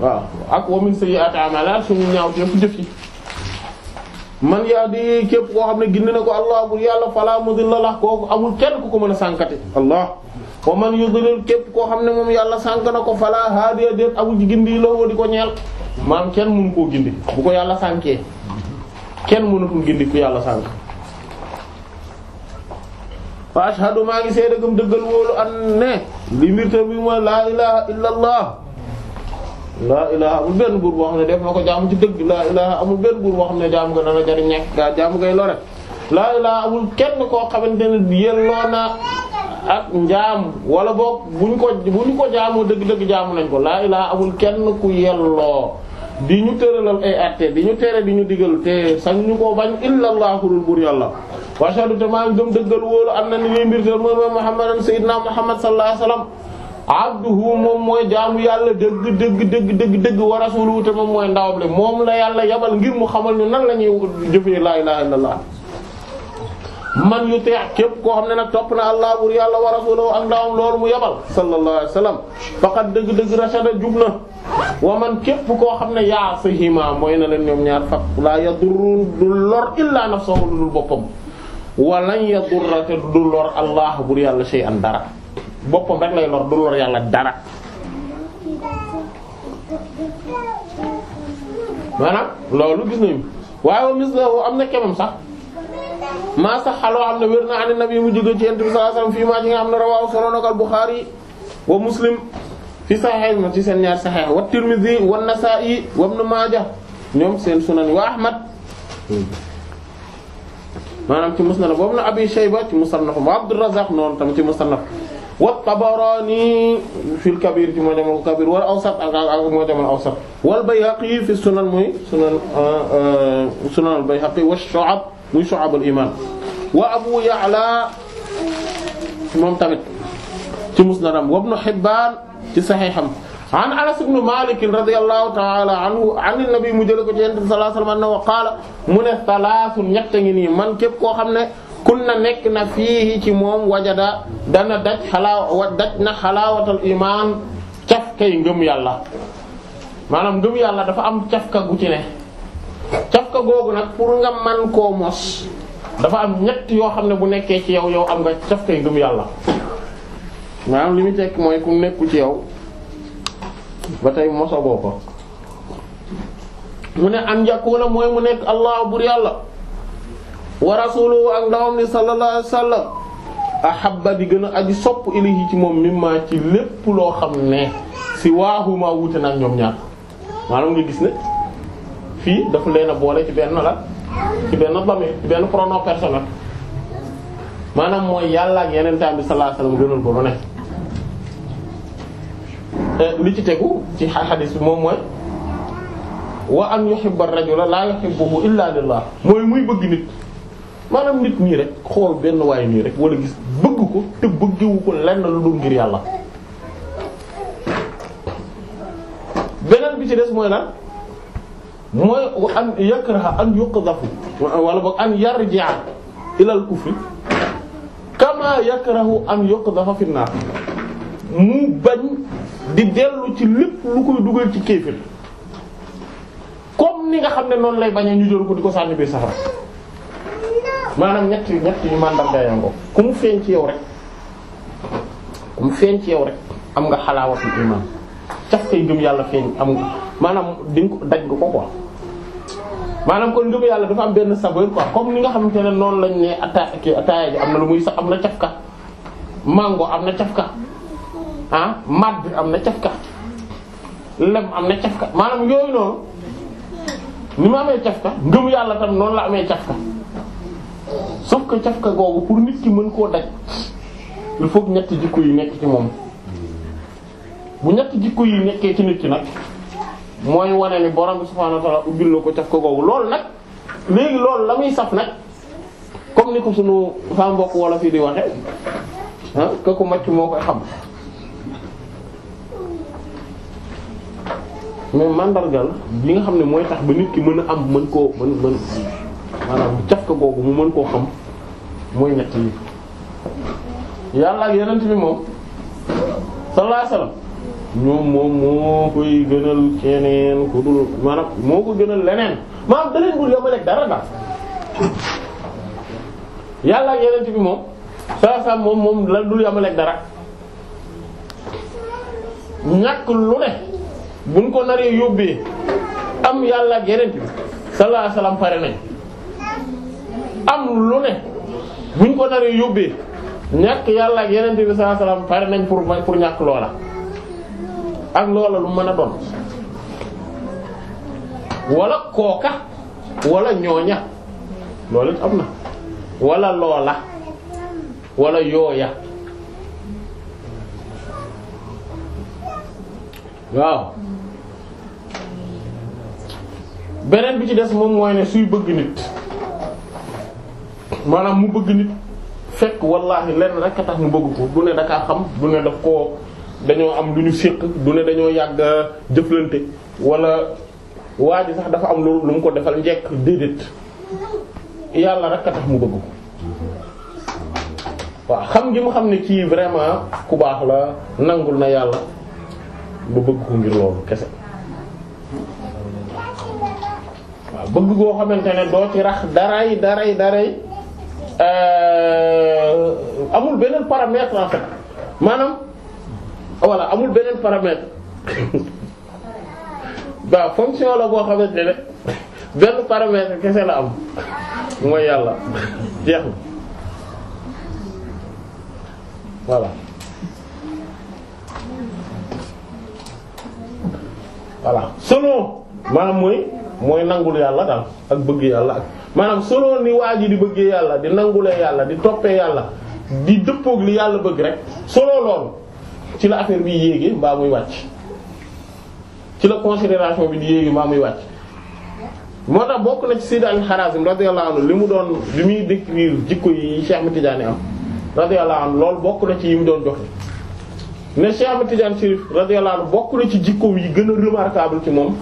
waaw ak wa min sayyi'ati a'malina suñu ñaaw te yëpp jëf yi man yaa di képp koo xam ne gindi na ko allah bu yàlla fala mudilla la kooku amul kenn ku ko mën a sànkati allah wa man yudlil képp koo xam ne moom yàlla sànk na ko fala haadiya déet amul ci gindi loo di ko ñeel maam kenn mënu koo gindi bu ko yàlla sànkee kenn mënatul gindi ku yàlla sànk wa ashhadu maa ngi seede gëm dëggal wóolu an ne li mbirta bi ma laa ilaha illa laa ilaha amul benn buur boo xam ne def na ko jaamu ci dëgg laa ilaha amul benn buur boo xam ne jaamu nga dana jariñ ñàkk gaa jaamu ngay lore laa ilaha amul kenn koo xamante ne yelloo na ak njaam wala boog buñ ko buñ ko jaamu dëgg-dëgg jaamu nañ ko laa amul kenn ku yelloo di ñu la ay atte di ñu tere di ñu digal te sañ ñu ko bañ illallaahu dul buur yàlla washadu te maa ngi gëm dëggal wóolu am na ni liy mbir te moom Muhammadan sayyidina Muhammad sallallahu alayhi abduhu moom mooy jaamu yàlla dëgg dëgg dëgg dëgg dëgg wa rasuluhu mooy ndawam le moom la yàlla yabal ngir mu xamal ñu nan la ñuy jëfee laa ilaha illallah man yu teex képp koo xam ne nag topp na allah bur yàlla wa rasuluhu ak ndawam loolu mu yabal sallallahu alayhi faqat dëgg dëgg rashada jub na wa man képp koo xam ne yaa sa hima mooy na leen ñoom ñaar faq laa yadurru du lor illaa nafsahu lu dul boppam walan yadurra te du lor allah bur yàlla dara boppam rek lay lor du lor yàlla dara maanaam loolu gis nañu waaye wa mislahu am na kemam sax maa sax xaloo am na wér na ani nabi mu jóge ci yonent bi sallallahu alayhi maa ci nga xam ne rawaaw soloonako al Bukhari wa Muslim fi saxeex ma ci seen ñaar saxeex wa Tirmidhi wa Nasa'i wa Ibn Maaja ñoom seen sunan wa Ahmad maanaam ci musnad boobu na Abi Shayba ci musannaf wa Abdur Razzaq noonu tamit ci musannaf wa Tabarani fil Kabir ci Mu'jamul Kabir wal Awsat ak ak Mu'jamul Awsat wal Bayhaqi fi sunan muy sunan sunan al Bayhaqi wa Shu'ab muy Shu'ab al Iman wa Abu Ya'la moom tamit ci Musnadam wa Ibn Hibban ci Sahiham an Anas ibn Malik radiyallahu ta'ala anhu an an-nabi mu jële ko ci Yonent bi sallallahu alayhi wa sallam wa qaala mu ne salaasun ñett ngi nii man képp koo xam ne kun na nekk na fii ci moom wajada dana daj xalaawa daj na xalaawatal imaan cafkay ngëm yàlla maanaam ngëm yàlla dafa am cafka gu ci ne cafka googu nag pour nga man koo mos dafa am ñett yoo xam ne bu nekkee ci yow yow am nga cafkay ngëm yàlla maanaam li mu tekk mooy ku nekku ci yow ba tey mosagoo ko mu ne an yakuna mooy mu nekk allah bur yàlla wa rasuluhu ak ndawam ni sallallahu alayhi wa sallam ahabba di gën a aji sopp yi ci moom mimma ci lépp loo xam ne si waahuma wuute nag ñoom ñaar maanaam nga gis ne fii dafa leen boole ci benn la ci benn dame ci benn pronom personnel maanaam mooy yàlla ak yeneen taam bi sallallahu alayhi wasallam ne eh, li ci tegu ci xadis bi moom mooy wa an yuhibba ar-rajula la yuhibbuhu illa lillah mooy muy bëgg nit maanaam nit nii rek xool benn waay nii rek wala gis bëgg ko te bëggewu ko lenn lu dul ngir yàlla beneen bi ci des mooy lan mooy an yakraha an yuqdafu wala boog an mu bañ di dellu ci lépp lu koy dugal ci kéefir comme ni nga xam ne noonu lay bañee ñu jël ko di ko sànni biir safara maanaam ñett yu ñett yu mandarga yaa ngoog ku mu feeñ ci yow rek ku mu feeñ ci yow rek am nga xalaawatul iman caf kay ngëm yàlla feeñ am nga maanaam di nga ko daj nga ko quoi maanaam dafa am benn saveur quoi comme ni xamante ne noonu lañ ne attaaya ki attaaya ji am na lu muy sax am na cafka mango am na cafka ah am na cafka lem na cafka maanaam yooyu noonu ni ma amee cafka ngëm yàlla tam noonu la amee cafka sauf que cafka googu pour nit ki mën koo daj il faut ñetti jikko yi nekk ci moom bu ñetti jikko yi nekkee ci nit ki nag mooy wane ni borom bi subhaanahu wa ta'aala ubbil na ko cafka googu loolu nag léegi loolu la muy saf nag comme ni ko suñu sa mbokk wala fii di waxe ah kooku macc moo koy xam mais mandargal li nga xam ne mooy tax ba nit ki mën a am mën koo mën mën maanaam ko googu mu mën koo xam mooy ñett yi yàlla ak yenent bi moom sallallahu alayhi moom moo ko gënal leneen maanaam daleen bul yombalek dara moom la dul yombalek dara ñàkk lu ne buñ ko naree yóbbee am yàlla ak yenent bi sallallahu alayhi pare nañ am lu ne buñ ko naree yóbbee ñàkk yàlla ak yeneen bi sallallahu pare nañ pour pour ñàkk loola ak loola lu mën a doon wala kooka wala ñooña loolu it am na walla loola wala yooya waaw beneen bi ci des moom mooy ne suy bëgg nit maanaam mu bëgg nit fekk wallaahi lenn rek a tax mu bëgg ko du ne da xam du ne daf koo dañoo am lu ñu séq du ne dañoo yàgg jëflante wala waaj sax dafa am lu lu mu ko defal njekk déedéet yàlla rek a tax mu bëgg ko waaw xam ngi mu xam ne kii vraiment ku baax la nangul na yàlla ba bëgg ko ngir loolu kese waaw bëgg koo xamante ne doo ci rax daray daray daray Euh, amul beneen paramètre en maanaam voilà amul beneen paramètre waaw fonction la boo xamante ne benn paramètre kese la am mooy yàlla jeex na voilà voilà selon maanaam mooy mooy nangul yàlla daal ak bëgg yàlla ak maanaam solo ni waa ji di bëggee yàlla di nangulee yàlla di toppee yàlla di dëppoog li yàlla bëgg rek selon loolu ci la affaire bi yéegee mbaa muy wàcc ci la considération bi di yéegi mbaa muy wàcc moo tax bokk na ci Sayyid al-Harazim radiyallahu anhu li mu doon li muy décrire jikko yi Cheikh Ahmed Tidiane am radiyallahu anhu loolu bokk na ci yi mu doon joxe ne Cheikh Ahmed Tidiane Chérif radiyallahu bokk na ci jikko yi gën a remarquable ci moom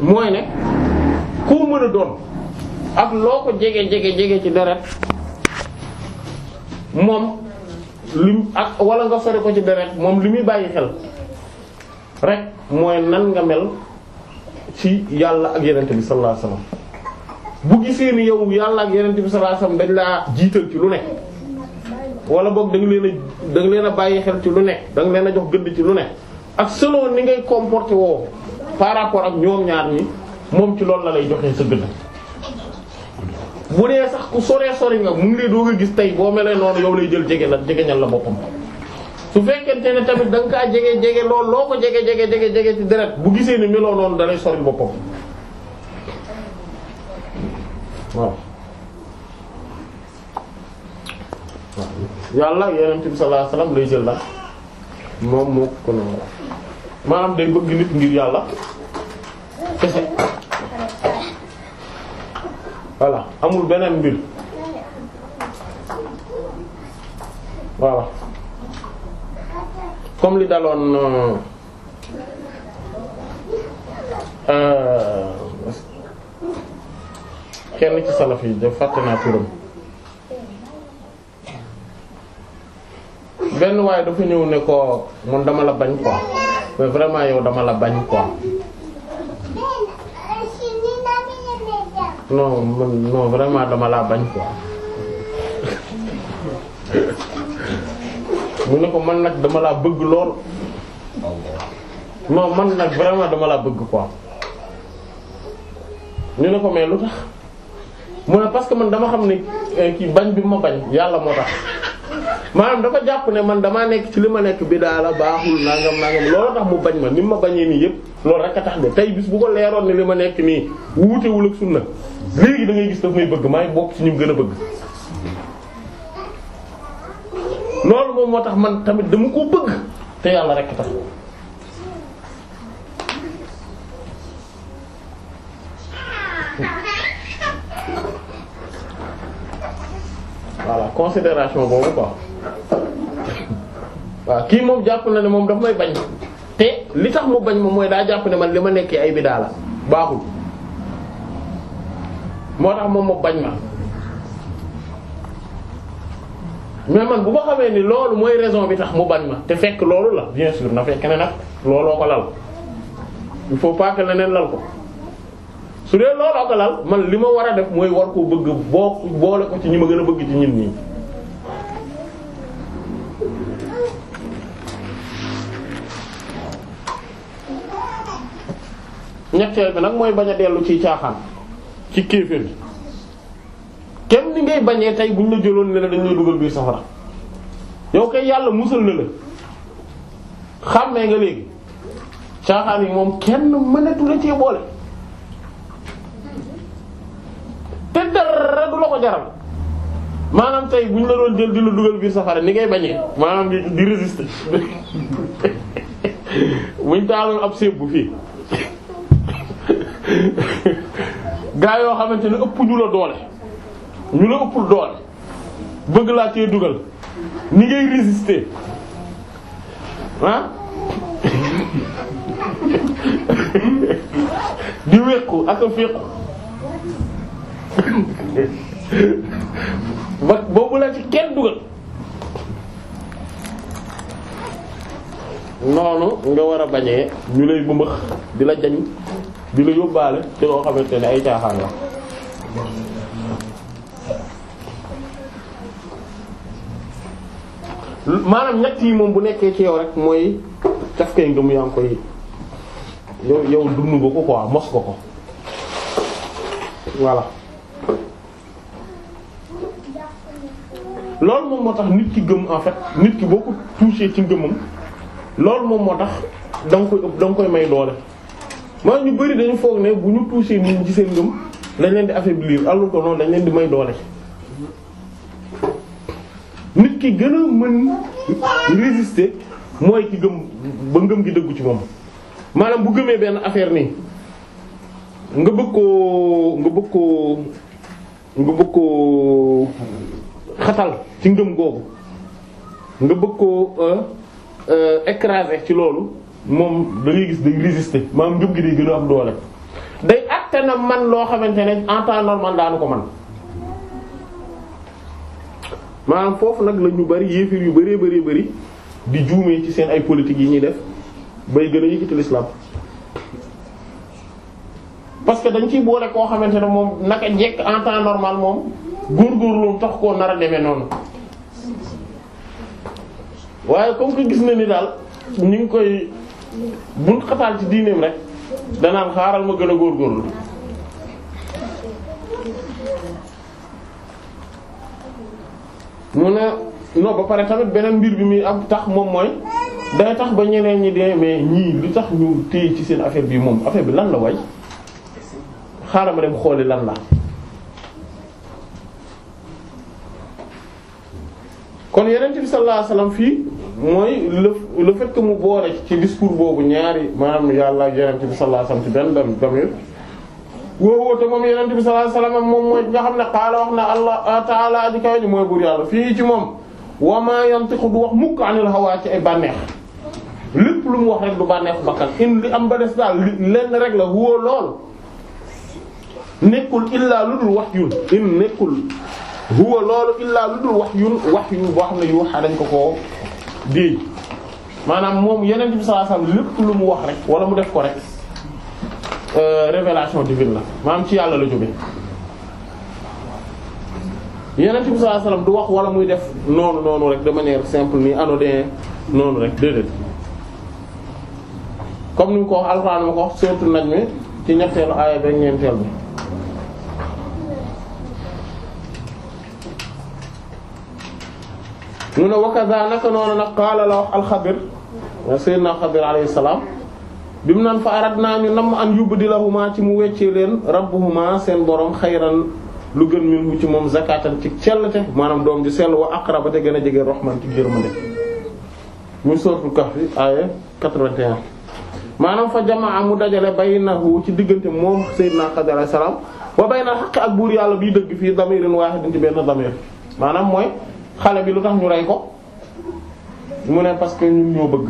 mooy ne koo mën a doon ak loo ko jege jege jege ci deret moom lim ak wala nga sori ko ci deret moom li muy bàyyi xel rek mooy nan nga mel ci yàlla ak yenente bi sallallahu alayhi wasallam bu gisee ni yow yàlla ak yenente bi sallallahu dañ laa jiital ci lu ne wala boog da nga leen a leen bàyyi xel ci lu ne danga nga leen a jox gëdd ci lu ne ak selon ni ngay comporté woo par rapport ak ñoom ñaar ñi moom ci loolu la lay joxee sa gëdd bu dee sax ku soree sori nga mu ngi lay doog a gis tey boo melee noonu yow lay jël jege la jege ñal la boppam. su fekkente ne tamit da nga kaa jege jege lool loo ko jege jege jege jege ci deret bu gisee ni meloo noonu da lay sori boppam waaw. yàlla yonent bi sallallahu lay jël la moom moo ko ko maanaam day bëgg nit ngir yàlla kese. voilà amul beneen mbir waaw comme li daloon euh, euh, kenn ci salaf yi fàtte naa turam benn waaye dafa ñëw ne ko man dama la bañ quoi mais vraiment yow dama la bañ quoi non man non vraiment dama laa bañ quoi mu ne ko man nag dama laa bëgg lool non man nag vraiment dama laa bëgg quoi ñu ne ko mais lu tax mu ne parce que man dama xam ne eh, kii bañ bi ma bañ yàlla moo tax maanaam dafa jàpp ne man damaa nekk ci li ma nekk bi daala baaxul naa nangam nangam loolu tax mu bañ ma ni ma bañee nii yëpp loolu rek a tax de tey bis bu ko leeroon ne li ma nekk nii wuutewul ak sunna léegi da gis daf may bëgg maay bokk ci ñu gën a bëgg loolu moom moo tax man tamit dama ko bëgg te yàlla rekk tax voilà considération boobu quoi waaw kii moom jàpp na ne moom daf may bañ te li tax mu bañ ma mooy daa jàpp ne man li ma nekkee ay bidaa la baaxul moo tax moom mu bañ ma mais man bu ma xamee ni loolu mooy raison bi tax mu bañ ma te fekk loolu la bien sûr na fekk ne nag looloo ko lal il faut pas leneen lal ko su dee looloo ko lal man li ma war a def mooy war ko bëgg boo boole ko ci ñi ma gën a bëgg ci ñin ñi ñetteel bi nag mooy bañ a dellu ci caaxaan ci kéeféer kenn ni ngay bañee tey buñ la jëloon ne la dañ dugal biir safara yow kay yàlla musal na la xàmmee nga léegi caaxaan moom kenn mënatu la cee boole te dara du la ko jaral maanaam tey buñ la doon jël di la dugal biir safara ni ngay bañee maanaam di di résister buñ taaloon ab séeb fii gaa yoo xamante ni ëpp ñu la doole ñu la ëpp doole bëgg laa cee dugal ni ngay résister ah di wéqu ak a féqu ba boobu la kenn dugal noonu nga war a bañee ñu lay bëmbax di la jañ di la yóbbaale ci loo xamante ne ay caaxaan la maanaam ñett yi moom bu nekkee ci yow rek mooy caf kay ngëm yaa ngi koy yow yow dund nga ko quoi mos nga ko voilà loolu moom moo tax nit ki gëm en fait nit ki boo ko touché ci ngëmam loolu moom moo tax da nga koy da koy may doole maa ñu bari dañu foog ne bu ñu touché nit ñi seen ngëm dañ leen di bi lii alors ko noonu dañ leen di may doole. nit ki gën a mën résister mooy ki gëm ba ngëm gi dëggu ci moom maanaam bu gëmee benn affaire nii nga bëgg koo nga bëgg koo nga bëgg koo xatal ci ngëm googu nga bëgg koo euh, euh, écraser ci loolu. moom da ngay gis day résister maanaam njub gi day gën a am doole day àtte na man loo xamante ne en temps normal daanu ko man maanaam foofu nag la ñu bari yéefir yu bëree bëree bëri di juume ci seen ay politique yi ñuy def bay gën a yëkkati l'islam parce que dañ ciy boole koo xamante ne moom naka jekk en temps normal moom góorgóorlu tax koo nara deme demee noonu waaye comme que gis na ni daal ñu ngi koy buñ xatal ci diineem rek danaan xaaral ma gën a góorgóorlu mu ne non ba pare tamit beneen mbir bi muy am tax moom mooy day tax ba ñeneen ñi dee mais ñii lu tax ñu téye ci seen affaire bii moom affaire bi lan la way xaaral ma dem xooli lan la kon yeneen bi sallallahu alayhi wasallam fii mooy le le mu boole ci discours boobu ñaari maanaam yàlla ak yeneen bi sallallahu alayhi wasallam ci benn damir woowu te moom yeneen bi sallallahu alayhi wasallam moom mooy nga ne xaala wax na allah ah, taala aji kaw ji mooy buur yàlla fii ci moom wa ma yantiqu du wax mukk anil hawaa ci ay bànneex lépp lu mu wax rek du bànneexu bakkan in li am ba des daal lenn rek la woo lool nekkul illaa lu dul wax yu in nekkul huwa loolu illaa lu dul wax yun wax yu boo wax ne yuuxaa dañ ko ko déey maanaam moom yeneen bi sallallahu alayhi wasallam lépp lu mu wax rek wala mu def ko rek euh, révélation divine la maanaam ci yàlla la jóge yeneen bi sallallahu alayhi du wax wala muy def noonu noonu rek de manière simple ni anodin noonu rek déedéet comme ni mu ko wax alxuraan ma ko wax nañ naj mi ci ñetteelu aaya ba ñeenteel bi mu ne wakaza naka noonu nag qaala la wax alxadir sayyidina xadir alayhi salaam bi mu naan fa arat naa ñu nam an yubdilahuma ci mu weccee leen rabbuhuma seen borom xayran lu gën minhu ci moom zakatan ci cellte maanaam doom ji sell wa aqraba te gën a jege rahman ci jërmande mu sootul kahfi aaya 81 maanaam fa jamaa mu dajale baynahu ci diggante moom sayyidina xadir alayhi salaam wa bayna al haqq ak buur yàlla biy dëgg fii damirin waahidin ci benn damir mooy xale bi lu tax ñu rey ko mu ne parce que ñun ñoo bëgg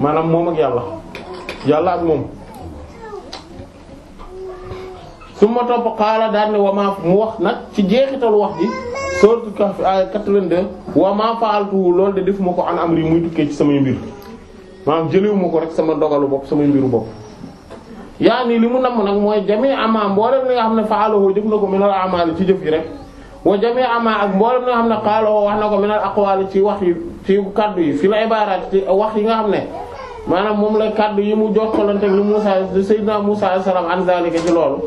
maanaam moom ak yàlla yàlla ak moom su ma topp xaala daan ne wamaa mu wax nag ci jeexital wax ji sourate Kahf ay 82 wamaa faaltuhu loolu de defuma ko an amri muy tukkee ci samay mbir maanaam jëlewuma ko rek sama dogalu bopp samay mbiru bopp yaa nii li mu namm nag mooy jami ama mboolem li nga xam ne faalahu jëf na ko minal amali ci jëf yi rek wa jamee ma ak mboolem li nga xam ne xaaloo wax na ko minal aqwaali ci wax yi ci kaddu yi fii la ibaaraat ci wax yi nga xam ne maanaam moom la kaddu yi mu jokkalante li Musaa di Seydina Musaa alayhi salaam an zalika ci loolu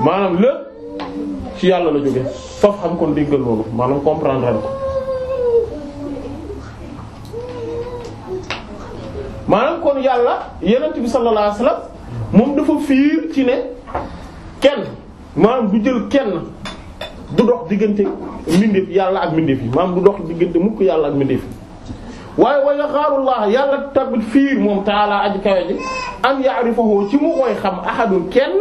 maanaam lépp ci yàlla la jóge faf xam kon déggal loolu maanaam comprendre kon yàlla yenent bi sallallahu alayhi wasallam moom dafa fiir ci ne kenn maanaam du jël kenn du dox diggante mbindeef yàlla ak mbindeef yi maanaam du dox diggante mukk yàlla ak mbindeef yi waaye wa yaxaarullah yàlla tabit fiir moom taalaa aji kawe ji an ci mu koy xam ahadun kenn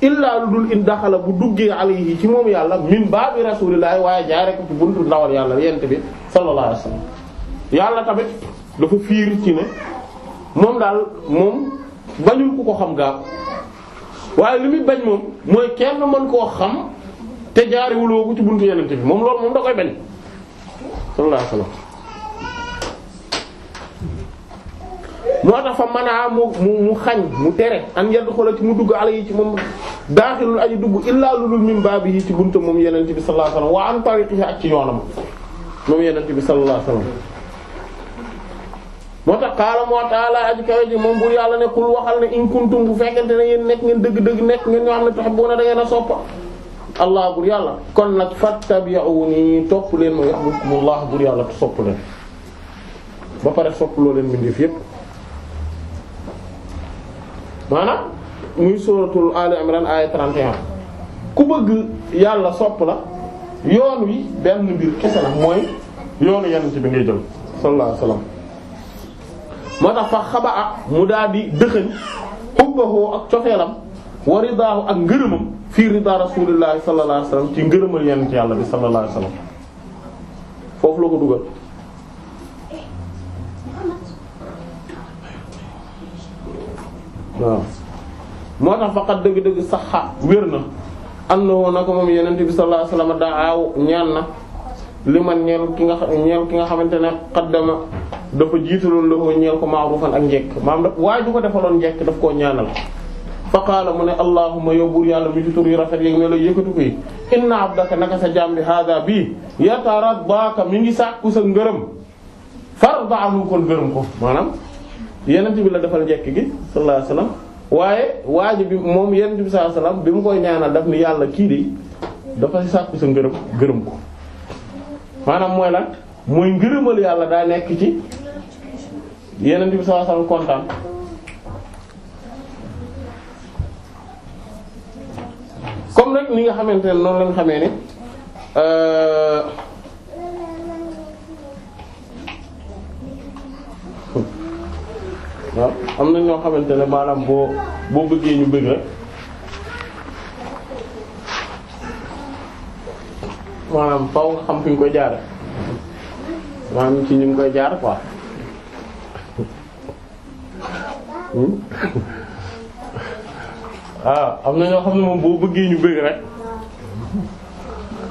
illaa lu dul in daxala bu duggee alayhi ci moom yàlla min baabi rasulillahi waaye jaare ko ci buntu ndawal yàlla yent bi sallallahu alayhi wasallam yàlla tamit dafa fiir ci ne moom daal moom bañul ku ko xam gaaw waaye li muy bañ moom mooy kenn mën koo xam te jaariwuloo ko ci buntu yenente bi moom loolu moom da koy bañ sallallahu alayhi wasallam moo tax fa manaa mu mu xañ mu tere an yedd xoola ci mu dugg ala yi ci moom daaxilul aji dugg illaa lulul min baabi yi ci bunt moom yenente bi sallallahu alayhi wasallam ak ci yoonam moom yenente bi sallallahu alayhi wasallam moo tax xaala moo taala aji ji moom bur yàlla ne kul waxal ne in kuntum bu fekkente ne yéen nekk ngeen dëgg-dëgg nekk ngeen ñoo xam ne tax boo na da ngeen a soppa allah bur yàlla kon nag fattabi'uni topp leen ma yahbibkumullah bur yàlla sopp leen ba pare sopp loo leen mbindeef yépp maanaam muy suratul ali imran aya 31 ku bëgg yàlla sopp la yoon wi benn mbir kese la mooy yoonu yenente bi ngay jël sallallahu alayhi moo tax fa xaba a mu daal di dëxëñ ubbaxoo ak cofeelam wa ridaahu ak ngërëmam fii ridaa rasulillahi sallallahu alayhi ci ngërëmal yenn ci yàlla bi sallallahu alayhi wasallam foofu la ko dugal waaw moo tax faqat dëgg-dëgg saxa wér na annahu naka moom yenente bi sallallahu alayhi wasallam daaw ñaan na li man ñeel ki nga ñeel ki nga xamante ne xaddama dafa jiitaloon la ko ñeel ko maarufan ak njekk maam daf waaye du ko defaloon njekk daf koo ñaanal fa qaala mu ne allahumma yow buur yàlla mi ci tur rafet yeeg ne la yëkkatu ko yi inna abdaka naka sa jaam bi hada bii yataraddaaka mi ngi sàkku sa ngërëm farda anhu kon gërëm ko maanaam yenent bi la defal njekk gi sallallahu alayhi wasallam waaye waa bi moom yenent bi sallallahu alayhi wasallam bi mu koy ñaanal daf ni yàlla kii de dafa si sàkku sa ngërëm gërëm ko maanaam mooy lan mooy ngërëmal yàlla daa nekk ci yenent bi sallallahu alayhi wasallam kontaan comme nag ni nga xamante ne noonu lañ xamee ne euh, waaw am na ñoo xamante ne maanaam boo boo bëggee ñu bëgg rek maanaam faw nga xam fi ñu koy jaar maanaam ci ñu ngi koy jaar quoi. Hmm? waaw ah, am na ñoo xam ne moom boo bëggee ñu bëgg rek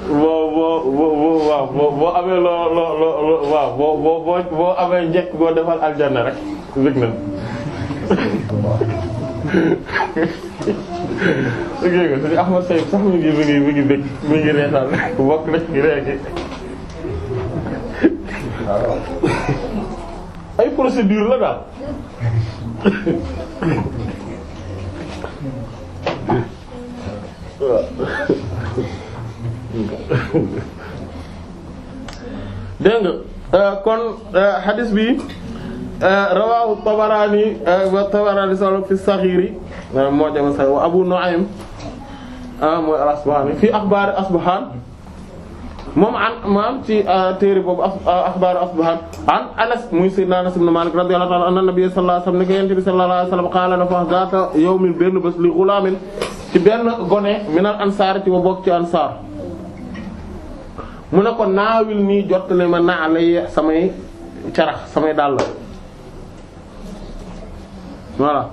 boo boo boo amee loo loo loo waaw boo boo boo boo amee njëkk boo defal aljanna rek bëgg na. dégg nga suñu Ahmad Seydou sax mi ngi mi ngi mi bëgg mi ngi reetaan bokk na ci ay procédure la daal. waaw dégg nga euh, kon xadis euh, bi euh, rawaahu Tabaraani wa Tabaraani solo fi saxiiri moo jama sax wa Abu Nu'aym ah mooy al-Asbahaani fi axbaari Asbahaan moom an maam ci euh, téere boobu euh, axbaaru asbahan an anas muy sayyidina anas ibn malik radiyallahu ta'ala anna nabiy sallallahu alayhi wasallam ne ko yonent bi sallallahu alayhi wasallam qaala na fa zaata yawmin benn bés li xulaamin ci benn gone minal ansaar ci ba bokk ci ansaar mu ne ko naawil nii jottali ma naa lay samay carax samay dàll voilà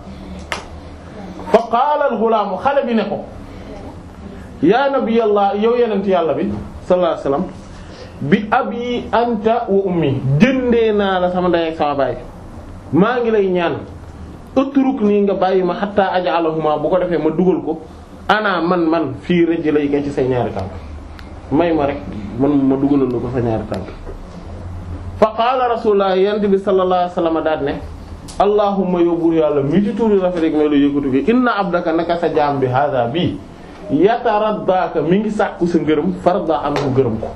fa qaala al xulaamu xale bi ne ko yaa nabiyallah yow yonent yàlla bi sallallahu alayhi bi abi anta wa ummi jëndee naa la sama ndey ak sama baay maa ngi lay ñaan ëtturuk nii nga bàyyi ma xataa ajaalahuma bu ko defee ma dugal ko anaa man man fii rëj lay gën ci say ñaari tànk may ma rek man ma dugalal la ko sa ñaari tànk fa qaala rasulullah yent bi sallallahu alayhi wasallam daat ne allahumma yóbbul yàlla mii ci tuuri rafet rek may la yëkkatu gi inna abdaka naka sa jaam bi hada bii yataraddaaka mi ngi sàkku sa ngërëm farda am ko gërëm ko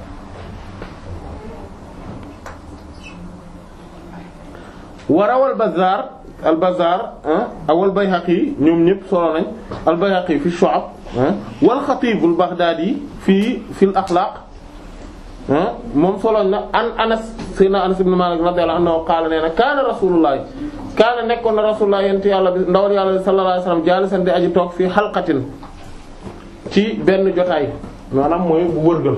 warawal bazaar al bazaar ah, awal bayhaqi ñoom ñëpp solo nañ al bayhaqi fi shu'ab ah, wal xatiib al baghdaadi fii fil axlaaq ah, moom solo na an anas sayna anas ibn malik radiyallahu anhu qaala nee na kaana rasulullahi kaana nekkoon na rasulullahi yent yàlla bi ndawal yàlla sallallahu alayhi wasallam jaalisan di aji toog fii xalqatin ci benn jotaay maanaam mooy bu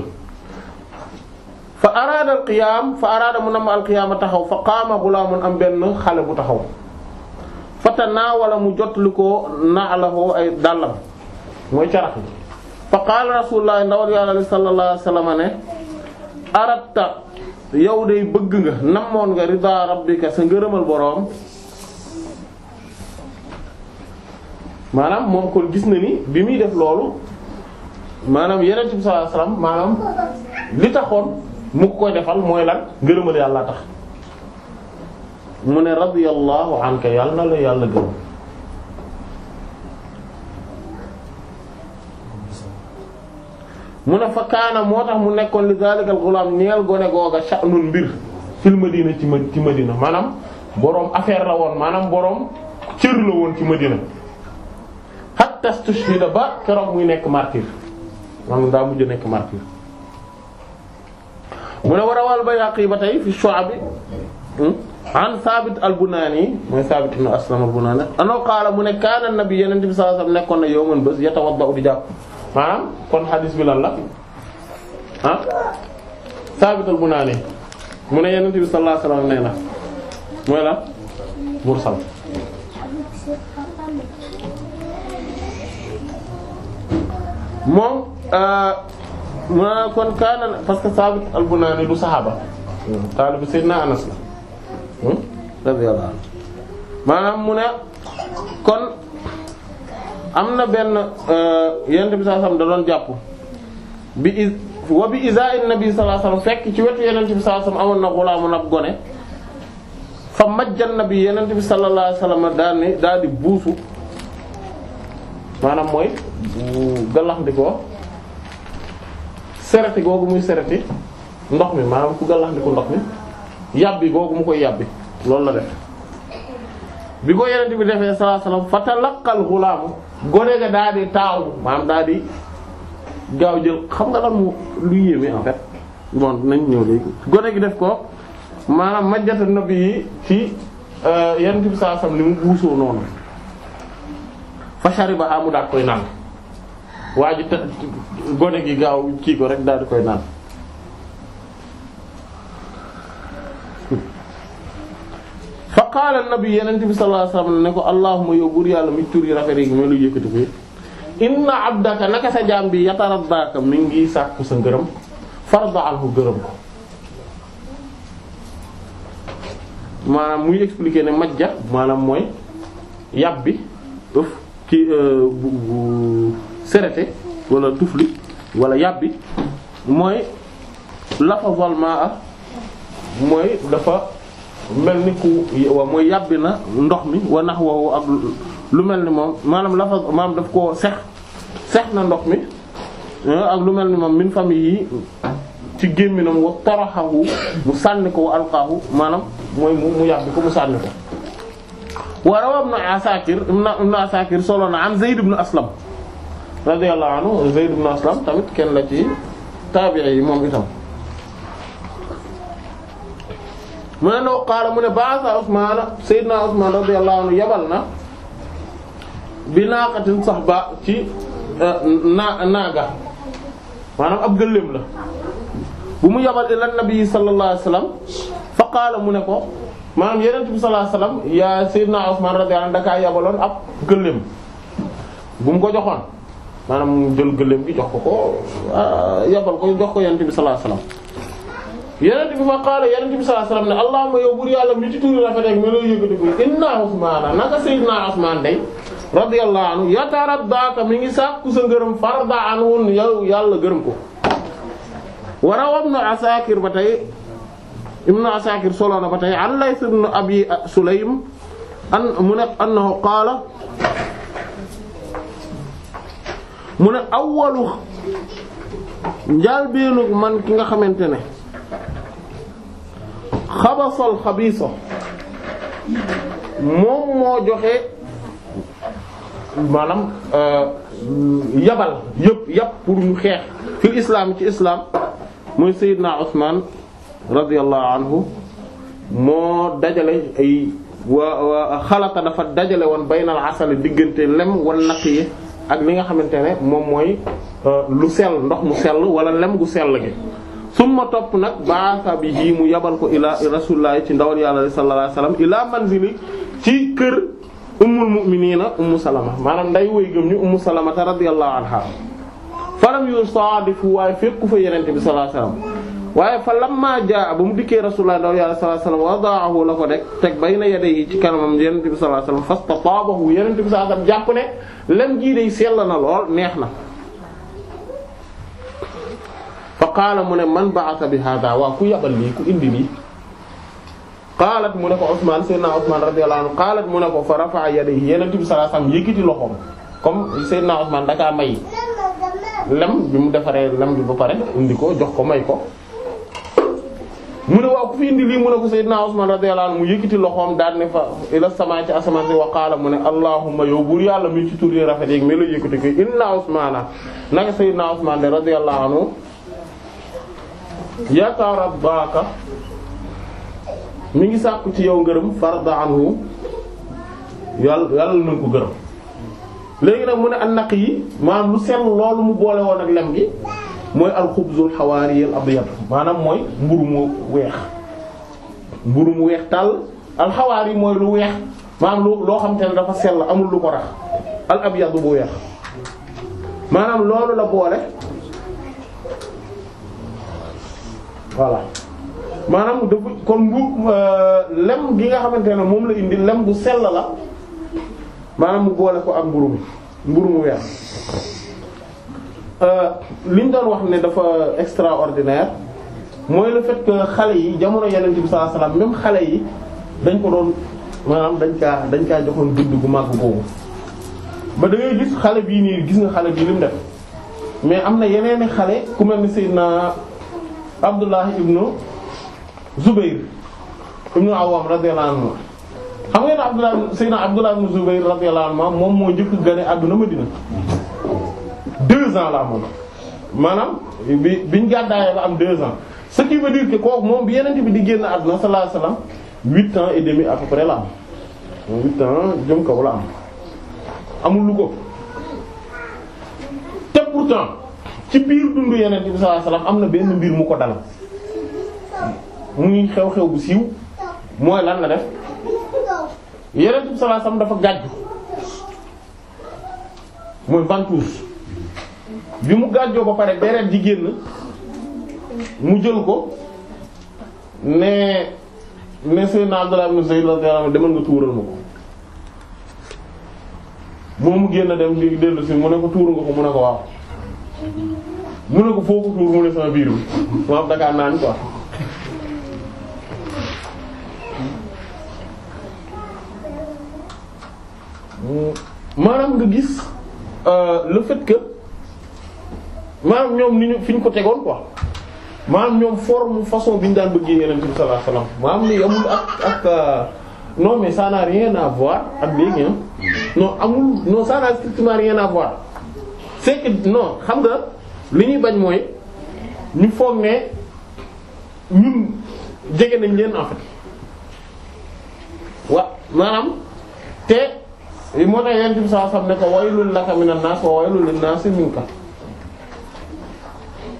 fa araada qiyaam fa araada mu nam al qiyaama taxaw fa qaama gulaamun am benn xale bu taxaw fata naa wala mu jot li ko na'lahu ay dàllam mooy carax yi fa qaala rasulullah ndawal yàlla li sallallahu alayhi ne aratta yow day bëgg nga namoon nga ridaa rabbika sa ngërëmal boroom maanaam moom kon gis na ni bi muy def loolu maanaam yeneen bi sallallahu alayhi maanaam li taxoon mu ko defal mooy lan ngërëmal yàlla tax mu ne radiyallahu anka yàlla na la yàlla gërëm mu ne fa kaana moo tax mu nekkoon li zalikal gulaam ñeel gone googa sha'nun mbir fil madina ci ma ci madina maanaam boroom affaire la woon maanaam boroom cër la woon ci madina hatta stushhida ba keroog muy nekk martyr maanaam daa mujj nekk martyr mu ne warawal Bayhaqi ba tey fi Shu'ab hmm? an Thabit al-Bunani mooy Thabit ibn Aslam al-Bunani anoo qaala mu ne kaana an-nabi yonent bi sallallahu alayhi wasallam nekkoon na yawman bés yatawadda'u di jàpp maanaam kon hadis bi lan ah? Thabit al mu ne yonent bi sallallahu alayhi wasallam nee na mooy la mursal Euh, mu naa kon kaana parce que Saabit al-Bunaani du saxaaba taalibu hmm? mu ne kon am na benn euh, yonent bi sallallahu alayhi wasallam da doon jàpp bi is wa nabi sallallahu fekk ci wetu yonent bi sallallahu alayhi wasallam amoon na xulaamun ab gone fa majjan nabi yonent bi sallallahu alayhi wasallam daal ni daal di buusu maanaam mooy gallax sereti googu muy sereti ndox mi maanaam ku gàllaxndiku ndox mi yàbbi googu mu koy yàbbi loolu la def bi ko yenente bi defee sallallahu alayhi wasallam fa talaqal xulaamu gone ga daa di taaw maanaam daa di gaaw jël xam nga lan mu lu yéeme en fait bon nañ ñëw léegi gone gi def ko maanaam majjata nabi yi ci euh, yenente bi sallallahu alayhi wasallam li mu buusoo noonu fa shariba amu daal koy naan waa ji gone gi gaaw kii ko rek daal di koy naan fa qaala nabi yenente bi sallallahu alayhi ne ko allahumma yow yàlla mi tur yi rafet yi ma lu yëkkati ko inna abdaka naka sa jaam bi yataraddaaka mi ngi sàkku sa ngërëm farda anhu gërëm ko maanaam muy expliquer ne majja maanaam mooy yàb bi ëf ki euh, serete wala tufli wala yàbbi mooy lafazal maa mooy dafa mel ni ku mooy yàbbi na ndox mi wa nax woowu ak lu mel ni moom maanaam lafaz maanaam daf koo sex sex na ndox mi euh, ak lu mel ni moom min famille yi ci gémminam wa toroxahu mu sànni ko wa alqaahu maanaam mooy mu yàbbi ko mu sànni ko wa rawa ibn Asakir ibn Asakir solo na am Zayd ibn Aslam radiyallahu anhu Zayd ibn Aslam tamit kenn la ci taabi'i moom itam mu ne no qaala mu ne baasa Usmaan Seydina Usmaan radiyallahu anhu yabal na bi naaqatin sahba ci eh, na naaga maanaam ab gëléem la bu mu yabal ila nabi sallallahu alayhi wasallam fa mu ne ko maanaam Yonent bi sallallahu alayhi wasallam yaa Seydina Usmaan radiyallahu anhu dakaa yabaloon ab gëléem bu mu ko joxoon maanaam jël gëléem gi jox ko ko ah, yabal ko jox ko yonent bi sallallahu alayhi wasallam fa qaala yonent bi sallallahu ne allahumma yow buur yàlla mi ci tuuri rafet melooy yëkkati ko inna Usmaana naka sayyidina Usmaan day radiyallahu anhu yataraddaaka mi ngi sàkku sa ngërëm farda anhu yow yàlla gërëm ko wa rawa Asaakir ba tey ibnu Asaakir solo ba tey an Layth ibnu Abi Sulaym mu ne annahu qaala mu ne awwalu njaalbeenug man ki nga xamante ne xabasal xabiiso moom moo joxe maanam euh, yabal yëpp yàpp pour xeex fil islaam ci islaam mooy Seydina Usmaan radiyallahu anhu moo dajale ay waa xalata dafa dajale woon baynal asale diggante lem wal naqiye ak li nga xamante ne moom mooy euh, lu sel ndox mu sel wala lem gu sel gi summa topp nag baasa bi yii mu yabal ko ilaa rasulillahi ci ndawal yàlla sallallahu alayhi wasallam ilaa manzili ci kër ummul mu'minina ummu salama maanaam nday woy gëm ñu ummu salama radiyallahu anha faram yu saadifu waaye fekku fa yenente bi sallallahu alayhi waaye fa lamma jaa ba mu dikkee rasulullah daw yàlla sallallahu alayhi wasallam wadaahu la ko deg teg bayna yadayhi ci kanamam yenente bi sallallahu alayhi wasallam fastataabahu yenente bi sallallahu alayhi wasallam jàpp ne lem jii day sell na lool neex na fa qaala mu ne man ba'atha bi hada waa ku yabal lii ku indi lii qaalat mu ne ko Usmaan sayyidina Usmaan radiyallahu anhu qaalat mu ne ko fa rafa'a yadayhi yenente bi sallallahu alayhi wasallam yëkkati loxoom comme sayyidina Usmaan dakaa may lem bi mu defaree lem bi ba pare indi ko jox ko may ko mu ne waaw ku fi indi lii mu ne ko Seydina Usman radiyallahu anhu mu yëkkati loxoom daal ne fa ila sama ci asamaan si wa qaala mu ne allahumma yow buur yàlla mu mi ci tur yi rafet yi mais la yëkkati ko inna Usmana naka Seydina Usman de radiyallahu anhu yatarabbaaka mu ngi sàkku ci yow ngërëm farda anhu yàlla yàlla nañ ko gërëm léegi nag mu ne an yi maanaam lu sell loolu mu boole woon ak lem gi mooy alxubzul xawaari al abyad maanaam mooy mburu mu weex mburu mu weex tàll alxawaar yi mooy lu weex maanaam loo xam te ne dafa sell amul ko rax al abyad bu weex loolu la boole waaw maanaam dafa kon bu euh, lem gi nga xamante ne moom la indi lem bu sell la maanaam mu boole ko ak mburu mi mburu mu weex Euh, li ñu doon wax ne dafa extraordinaire mooy le fekk xale yi jamono Yonent bi sallallahu alayhi wasallam xale yi dañ ko doon maam dañ kaa dañ kaa joxoon gudd gu màgg boobu ba da gis xale bii nii gis nga xale bii lim mu def mais am na yeneen xale ku mel ni Seydina Abdullah ibnu Zubayr ibnu Awwam radiyallahu am xam ngeen Abdullah Seydina Abdullah ibnu Zubayr radiyallahu anhu moom moo njëkk gane àdduna Madina deux ans laa moom maanaam bi biñ gàddaayee la am deux ans ce qui veut dire que moom bi yeneen bi di génn àdduna sallallahu alayhi wasallam huit ans et demi à peu la am huit ans jëm kaw la am amul lu ko te pourtant ci biir dundu yeneen bi sallallahu am na benn mbir mu ko dal mu xew-xew bu siiw mooy lan la def yeneen bi sallallahu dafa gàjju mooy ventouse bi mu gàjjoo ba pare deret ji génn mu jël ko ne ne Seydina Abdullah ibn Zayd radiyallahu anhu demal nga tuural ma ko moom mu génn dem di dellu mu ne ko tuur nga ko mu ne ko waaw mu ne ko foo tuur mu ne sama biir bi mu naan quoi maanaam nga gis euh, le fait que maanaam ñoom ni ñu fi ñu ko tegoon quoi maanaam ñoom forme façon bi ñu daan bëggee yonent bi sallallahu alayhi wasallam maanaam ni amul ak ak euh, non mais ça n'a rien ak léegi non amul non ça n'a strictement rien à voir xam nga li ñuy bañ mooy ñu foog ne ñun jege nañ leen en fait maanaam te moo tax yonent bi sallallahu alayhi wasallam ne ko waylul laka minan nas wa waylul lin nas minka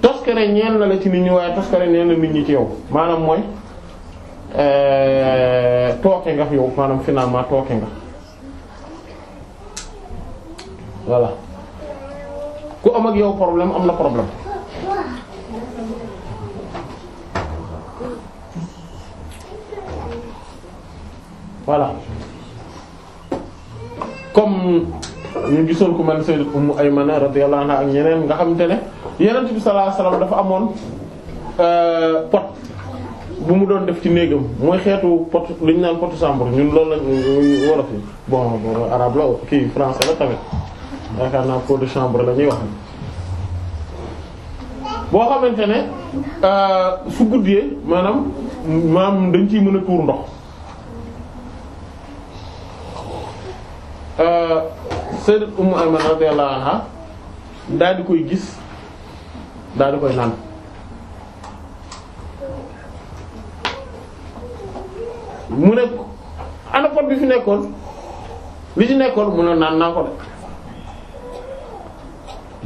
toskare ñeel na la ci nit ñi waaye toskare ñeel na nit ñi ci yow maanaam mooy euh, tooke nga yow maanaam finalement tooke nga voilà ku am ak yow problème am na problème voilà comme ñu gisoon ku mel Sayyidat Ummu Aymana radiyallahu anha ak ñeneen nga xamante ne Yonent bi sallallahu alayhi wasallam dafa amoon euh, pot bu mu doon def ci néegam mooy xeetu pot li ñu naan potu chambre ñun lool lañ wolof yi bon arabe la kii français la tamit yaakaar naa pot de chambre la ñuy wax boo xamante ne euh, su guddee maanaam maam dañ ci mën a tuur ndox euh, sayyidat Ummu Ayman radiyallahu anha daal di koy gis daal di koy naan mu ne ana bi fi nekkoon li ci nekkoon mu ne naan naa ko de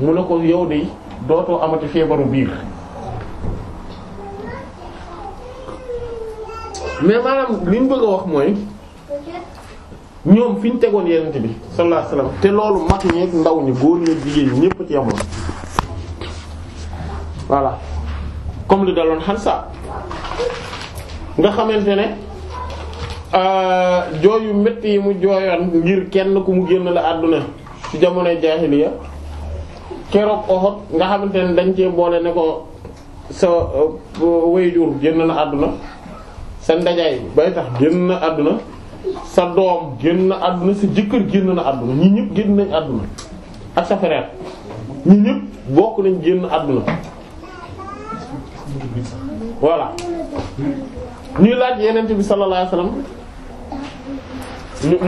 mu ne ko yow de dootoo amati feebaru biir mais maanaam li mu bëgg a wax mooy ñoom fi ñu tegoon yenente bi sallallahu alayhi te loolu mag ñeeg ndaw ñi góor ñeeg jigéen ñi ñépp ci yam voilà comme li daloon Hansa nga xamante ne euh, jooyu métti yi mu jooyoon ngir kenn ku mu génn la àdduna ci jamonoy jaahiliya keroog Uhud nga xamante ne dañ cee boole ne ko sa euh, wayjur génn na àdduna sa ndajaay bay tax génn na àdduna sa doom génn na àdduna sa jëkkër génn na àdduna ñi ñëpp génn nañ àdduna ak sa frère ñi ñëpp bokk nañ génn àdduna voilà ñuy laaj yeneen bi sallallahu alayhi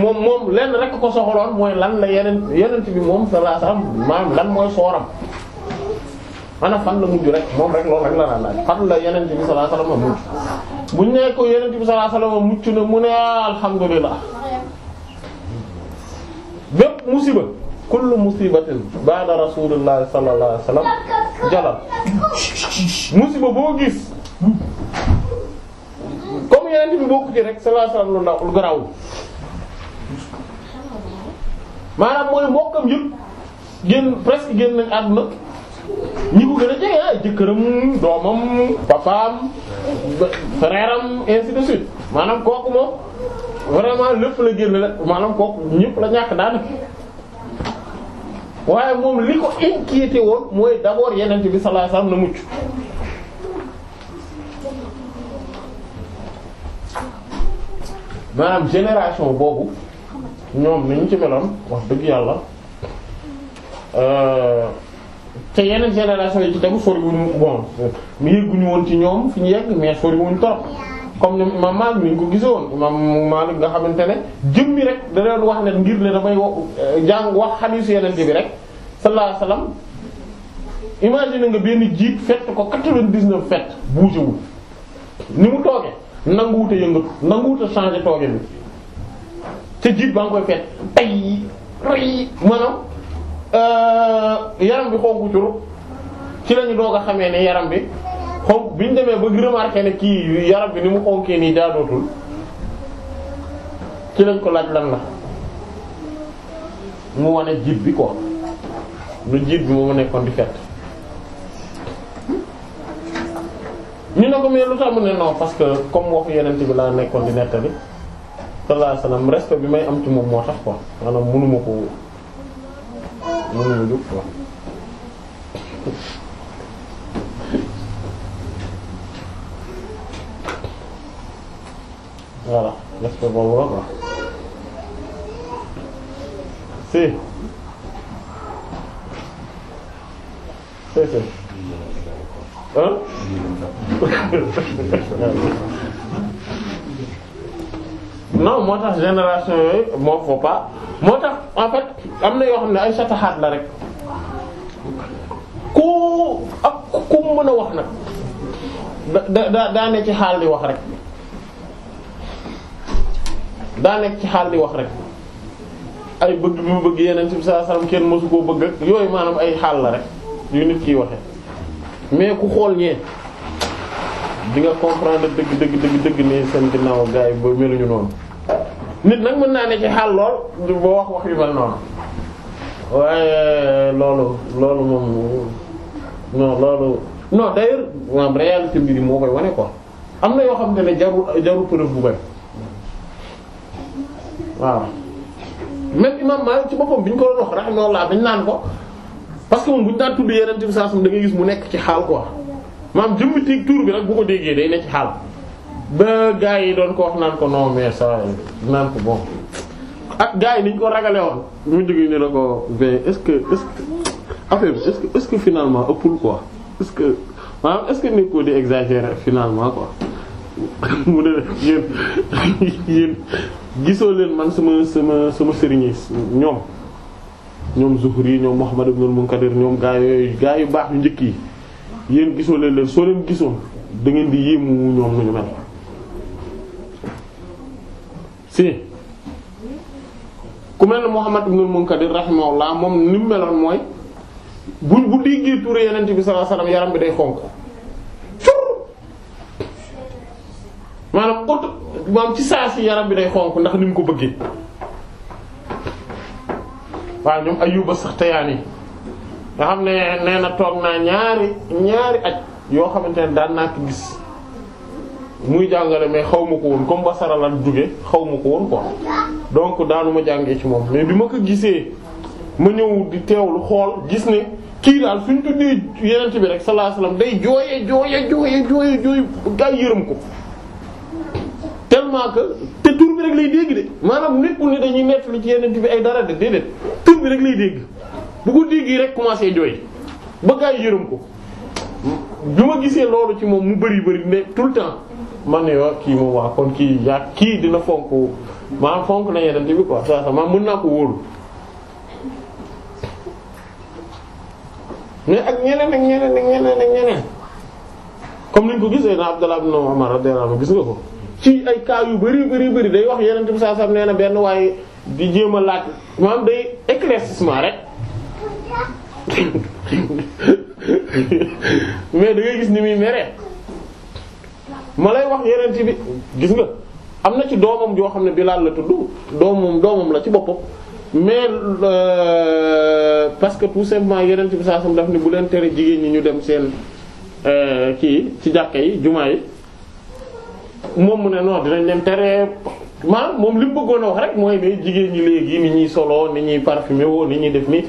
moom moom lenn rek ko soxaloon mooy lan la yeneen yeneen bi moom sallallahu alayhi wasallam maanaam lan mooy sooram maanaam fan la mujj rek moom rek loolu rek la la laaj fan la yeneen bi sallallahu alayhi wasallam mujj bu ñu ko yeneen bi sallallahu alayhi wasallam mucc na mu ne alhamdulillah bépp musiba kullu musibatin ba'da rasulillahi sallallahu alayhi wasallam jalal musiba boo gis. comme yeneen bi bokku rek sallallahu alayhi wa lu garaawul maanaam mooy mbokkam yëpp génn presque génn nañ àdduna ñi ko gën a jege ah jëkkëram doomam papaam frère am ainsi de suite maanaam kooku moom vraiment lépp la génn la maanaam kooku ñëpp la ñàkk daanaka waaye moom li ko inquiété woon mooy d'abord yeneen bi sallallahu na mucc. maanaam génération boobu ñoom ni ci meloon wax dëgg yàlla euh, te yeneen génération yi ci tegu soriwuñu bon yegguñu woon ci ñoom fi ñu yegg mais soriwuñu trop comme ñoom imam Maalik ni ñu ko gisoon imam Maalik nga xamante ne mi rek da wax ne ngir ne damay euh, jàng wax xadiisu yeneen bi rek sallallahu alayhi wasallam imagine nga benn jiit fet ko quatre-vingt-dix-neuf fett ni mu toogee. nanguwut a yëngatu nanguwut a changer tooge bi te jiit ba nga koy fet tay tay maanaam euh, yaram bi xonku curu ci lañu doog a xamee ne yaram bi xonk biñ demee ba remarqué ne kii yaram bi ni mu xonkee nii jaadootul ci lañ ko laaj lan la mu wane jiit bi quoi lu jiit bi moom nekkoon di fet ñu ne ko mais lu tax ne non parce que comme waxu yeneen bi laa nekkoon di nettali sallallahu alayhi wasallam respect bi may am ci moom moo tax quoi maanaam mënuma ko mënuma jóg quoi. voilà respect boobu la quoi si si si. ah non moo tax génération yooyu moo faut pas moo tax en fait am na yoo xam ne ay sataxaat la rek ku ak ku mën a wax na da da daa nekk ci xaal di wax rek daa nekk ci xaal di wax rek ay bëgg bi mu bëgg yeneen ci bi sallallahu alayhi kenn mësu koo bëgg yooyu maanaam ay xaal la rek yu nit kiy waxee mais ku xool ñee di nga comprendre dëgg dëgg dëgg dëgg ni seen ginnaaw gars yi ba meluñu noonu nit nag mën naa ne ci xaal lool boo wax wax yu mel noonu waaye loolu loolu moom non loolu non d'ailleurs maanaam réalité mbir yi moo koy wane quoi am na yoo xam ne ne jaru jaru preuve bu bari waaw même imam Maalik ci boppam bi ñu ko doon wax rahimahullah dañ naan ko parce que moom bu ñu daan tudd yeneen bi saa da ngay gis mu nekk ci xaal quoi maam jëmm ci tur bi rek bu ko déggee day nekk xaal ba gars yi doon ko wax naan ko non mais ça naan ko bon ak gars yi niñ ko ragale woon mu jógee ni la ko veillé est-ce que est-ce que affaire bi est-ce que est-ce que finalement ëppul que maanaam est-ce que mu ne yéen yéen gisoo leen man sama sama sama sëriñ ñoom. ñoom Zuhri ñoom Muhammad ibn al-Munkadir ñoom gaa yooyu gaa yu baax yu njëkk yi yéen gisoo leen leen soo leen gisoon da ngeen di yéemu ñoom nu ñu mel si ku mel ne Muhammad ibn al-Munkadir rahimahullah moom ni mu meloon mooy bu bu déggee turu yenent bi sallallahu yaram bi day xonk maanaam ut maam ci saa si yaram bi day xonk ndax ni mu ko bëggee waaw ñoom Ayyub as-Saxtiyaani nga xam ne nee na toog naa ñaari ñaari at yoo xamante ne daan naa ko gis muy jàngale mais xaw ma ko woon comme Basra la jóge xaw ma ko woon quoi donc daanu ma jàngee ci moom mais bi ma ko gisee ma ñëw di teewlu xool gis ne kii daal suñ tuddee yenent bi rek sallallahu alayhi day jooyee jooyee jooyee jooyee jooyee gaa yërëm ko tellement que te tur bi rek lay dégg de maanaam nekkul ni dañuy nettali ci yeneen bi ay dara de déedéet tur bi rek lay dégg bu ko déggee rek commencé jooy ba gaa yi yërëm ko bi ma gisee loolu ci moom mu bari bari ne tout le temps man ne waa kii moom waa kon kii yaa kii dina fonk maanaam fonk na yeneen bi quoi ça ça maanaam mën naa ko wóolu mais ak ñeneen ak ñeneen ak ñeneen ak ñeneen comme niñ ko gisee naa Abdallah ibn Umar radiyallahu gis nga ko. ci ay cas yu bari bari bari day wax yeneen bi sallallahu alayhi wasallam nee na benn waaye di jéem a laaj maanaam day éclaircissement rek mais da gis ni muy meree ma lay wax yeneen bi gis nga am na ci doomam joo xam ne laal la tudd doomam doomam la ci boppam mais euh, parce que tout simplement yeneen bi sallallahu alayhi wasallam ni bu leen tere jigéen ñi ñu dem seen euh, kii ci jàkka yi jumaa yi moom mu ne non dinañ leen tere ma moom li bëggoon a wax rek mooy ne jigéen ñi léegi ni ñuy solo ni ñi parfumé woo ni ñuy def ni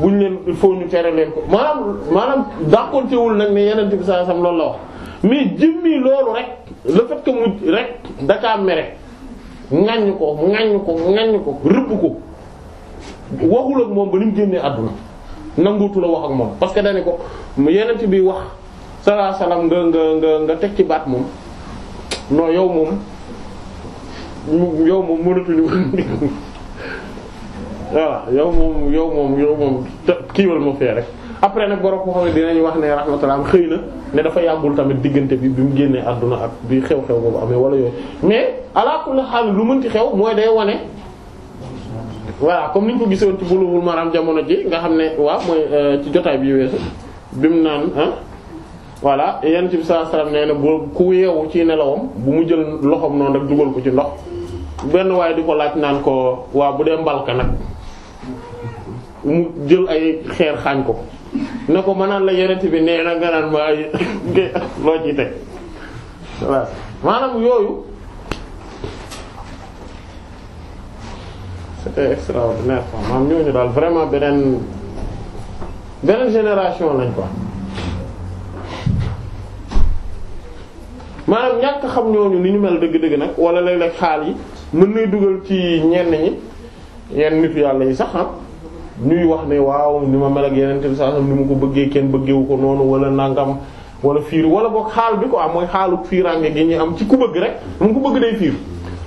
buñ leen il faut ñu tere leen ko maanaam maanaam dàqontewul nag ne yeneen bi sam loolu la wax mais jëmmi loolu rek le fait que mu mere ŋaññu ko ŋaññu ko ŋaññu ko rëbb ko moom ba ni mu génnee àdduna nanguutu wax moom parce que dane ko yeneen bi wax salaa salaam nga nga nga nga teg ci baat moom. non yow moom yow moom mënatuñu voilà yow moom yow moom yow moom kiiwal ma fee rek après nag borom ko xam ne dinañ wax ne rahmatullah xëy na ne dafa yàggul tamit diggante bi bi mu génnee àdduna ak bi xew-xew boobu amee wala yooyu mais ala kulli haal lu mënti xew mooy day wane. voilà comme niñ ko gisoon ci bulughul maram jamono ji nga xam ne waa mooy euh, ci jotaay bi weesu bi mu naan ah. voilà yonent bi sallallahu alayhi wasallam nee ku yeewu ci nelawam bu mu jël loxoom noonu rek dugal ko ci ndox benn waaye di ko laaj naan ko waa bu dee mbalka nag mu jël ay xeer xaañ ko ne ko ma naan la yonent bi nee nga naan ma ay loo ci teg voilà maanaam yooyu c'était extraordinaire maanaam ñooñu daal vraiment beneen beneen génération lañ ko maanaam ñàkk xam ñooñu ni ñu mel dëgg-dëgg nag wala léeg-léeg xaal yi mën nay dugal ci ñenn ñi yenn nitu yàlla yi sax ah, ñuy wax ne waaw ni ma mel ak yeneen tamit sax ni mu ko bëggee kenn bëggewu ko noonu wala nangam wala fiir wala boog xaal bi ko am mooy xaalu fiiraange gi ñuy am ci ku bëgg rek mu ko bëgg day fiir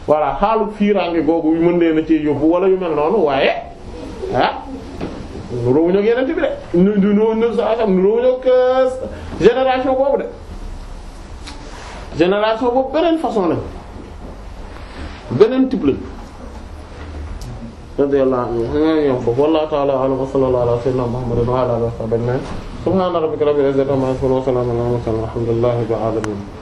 voilà xaalu fiiraange googu yu mën na cee yóbbu wala yu mel noonu waaye ah nuróowuñu ak nu nu nu nu boobu de. génération boobu beneen façon lañ beneen type lañ radiyallahu anhu xanaa ñoom foofu wallahu ta'ala a'lam wa sallallahu ala sayyidina muhammadin wa ala alihi wa sahbihi subhana rabbika rabbil izzati amma yasifun wa salamun ala al mursalin walhamdulillahi rabbil alamin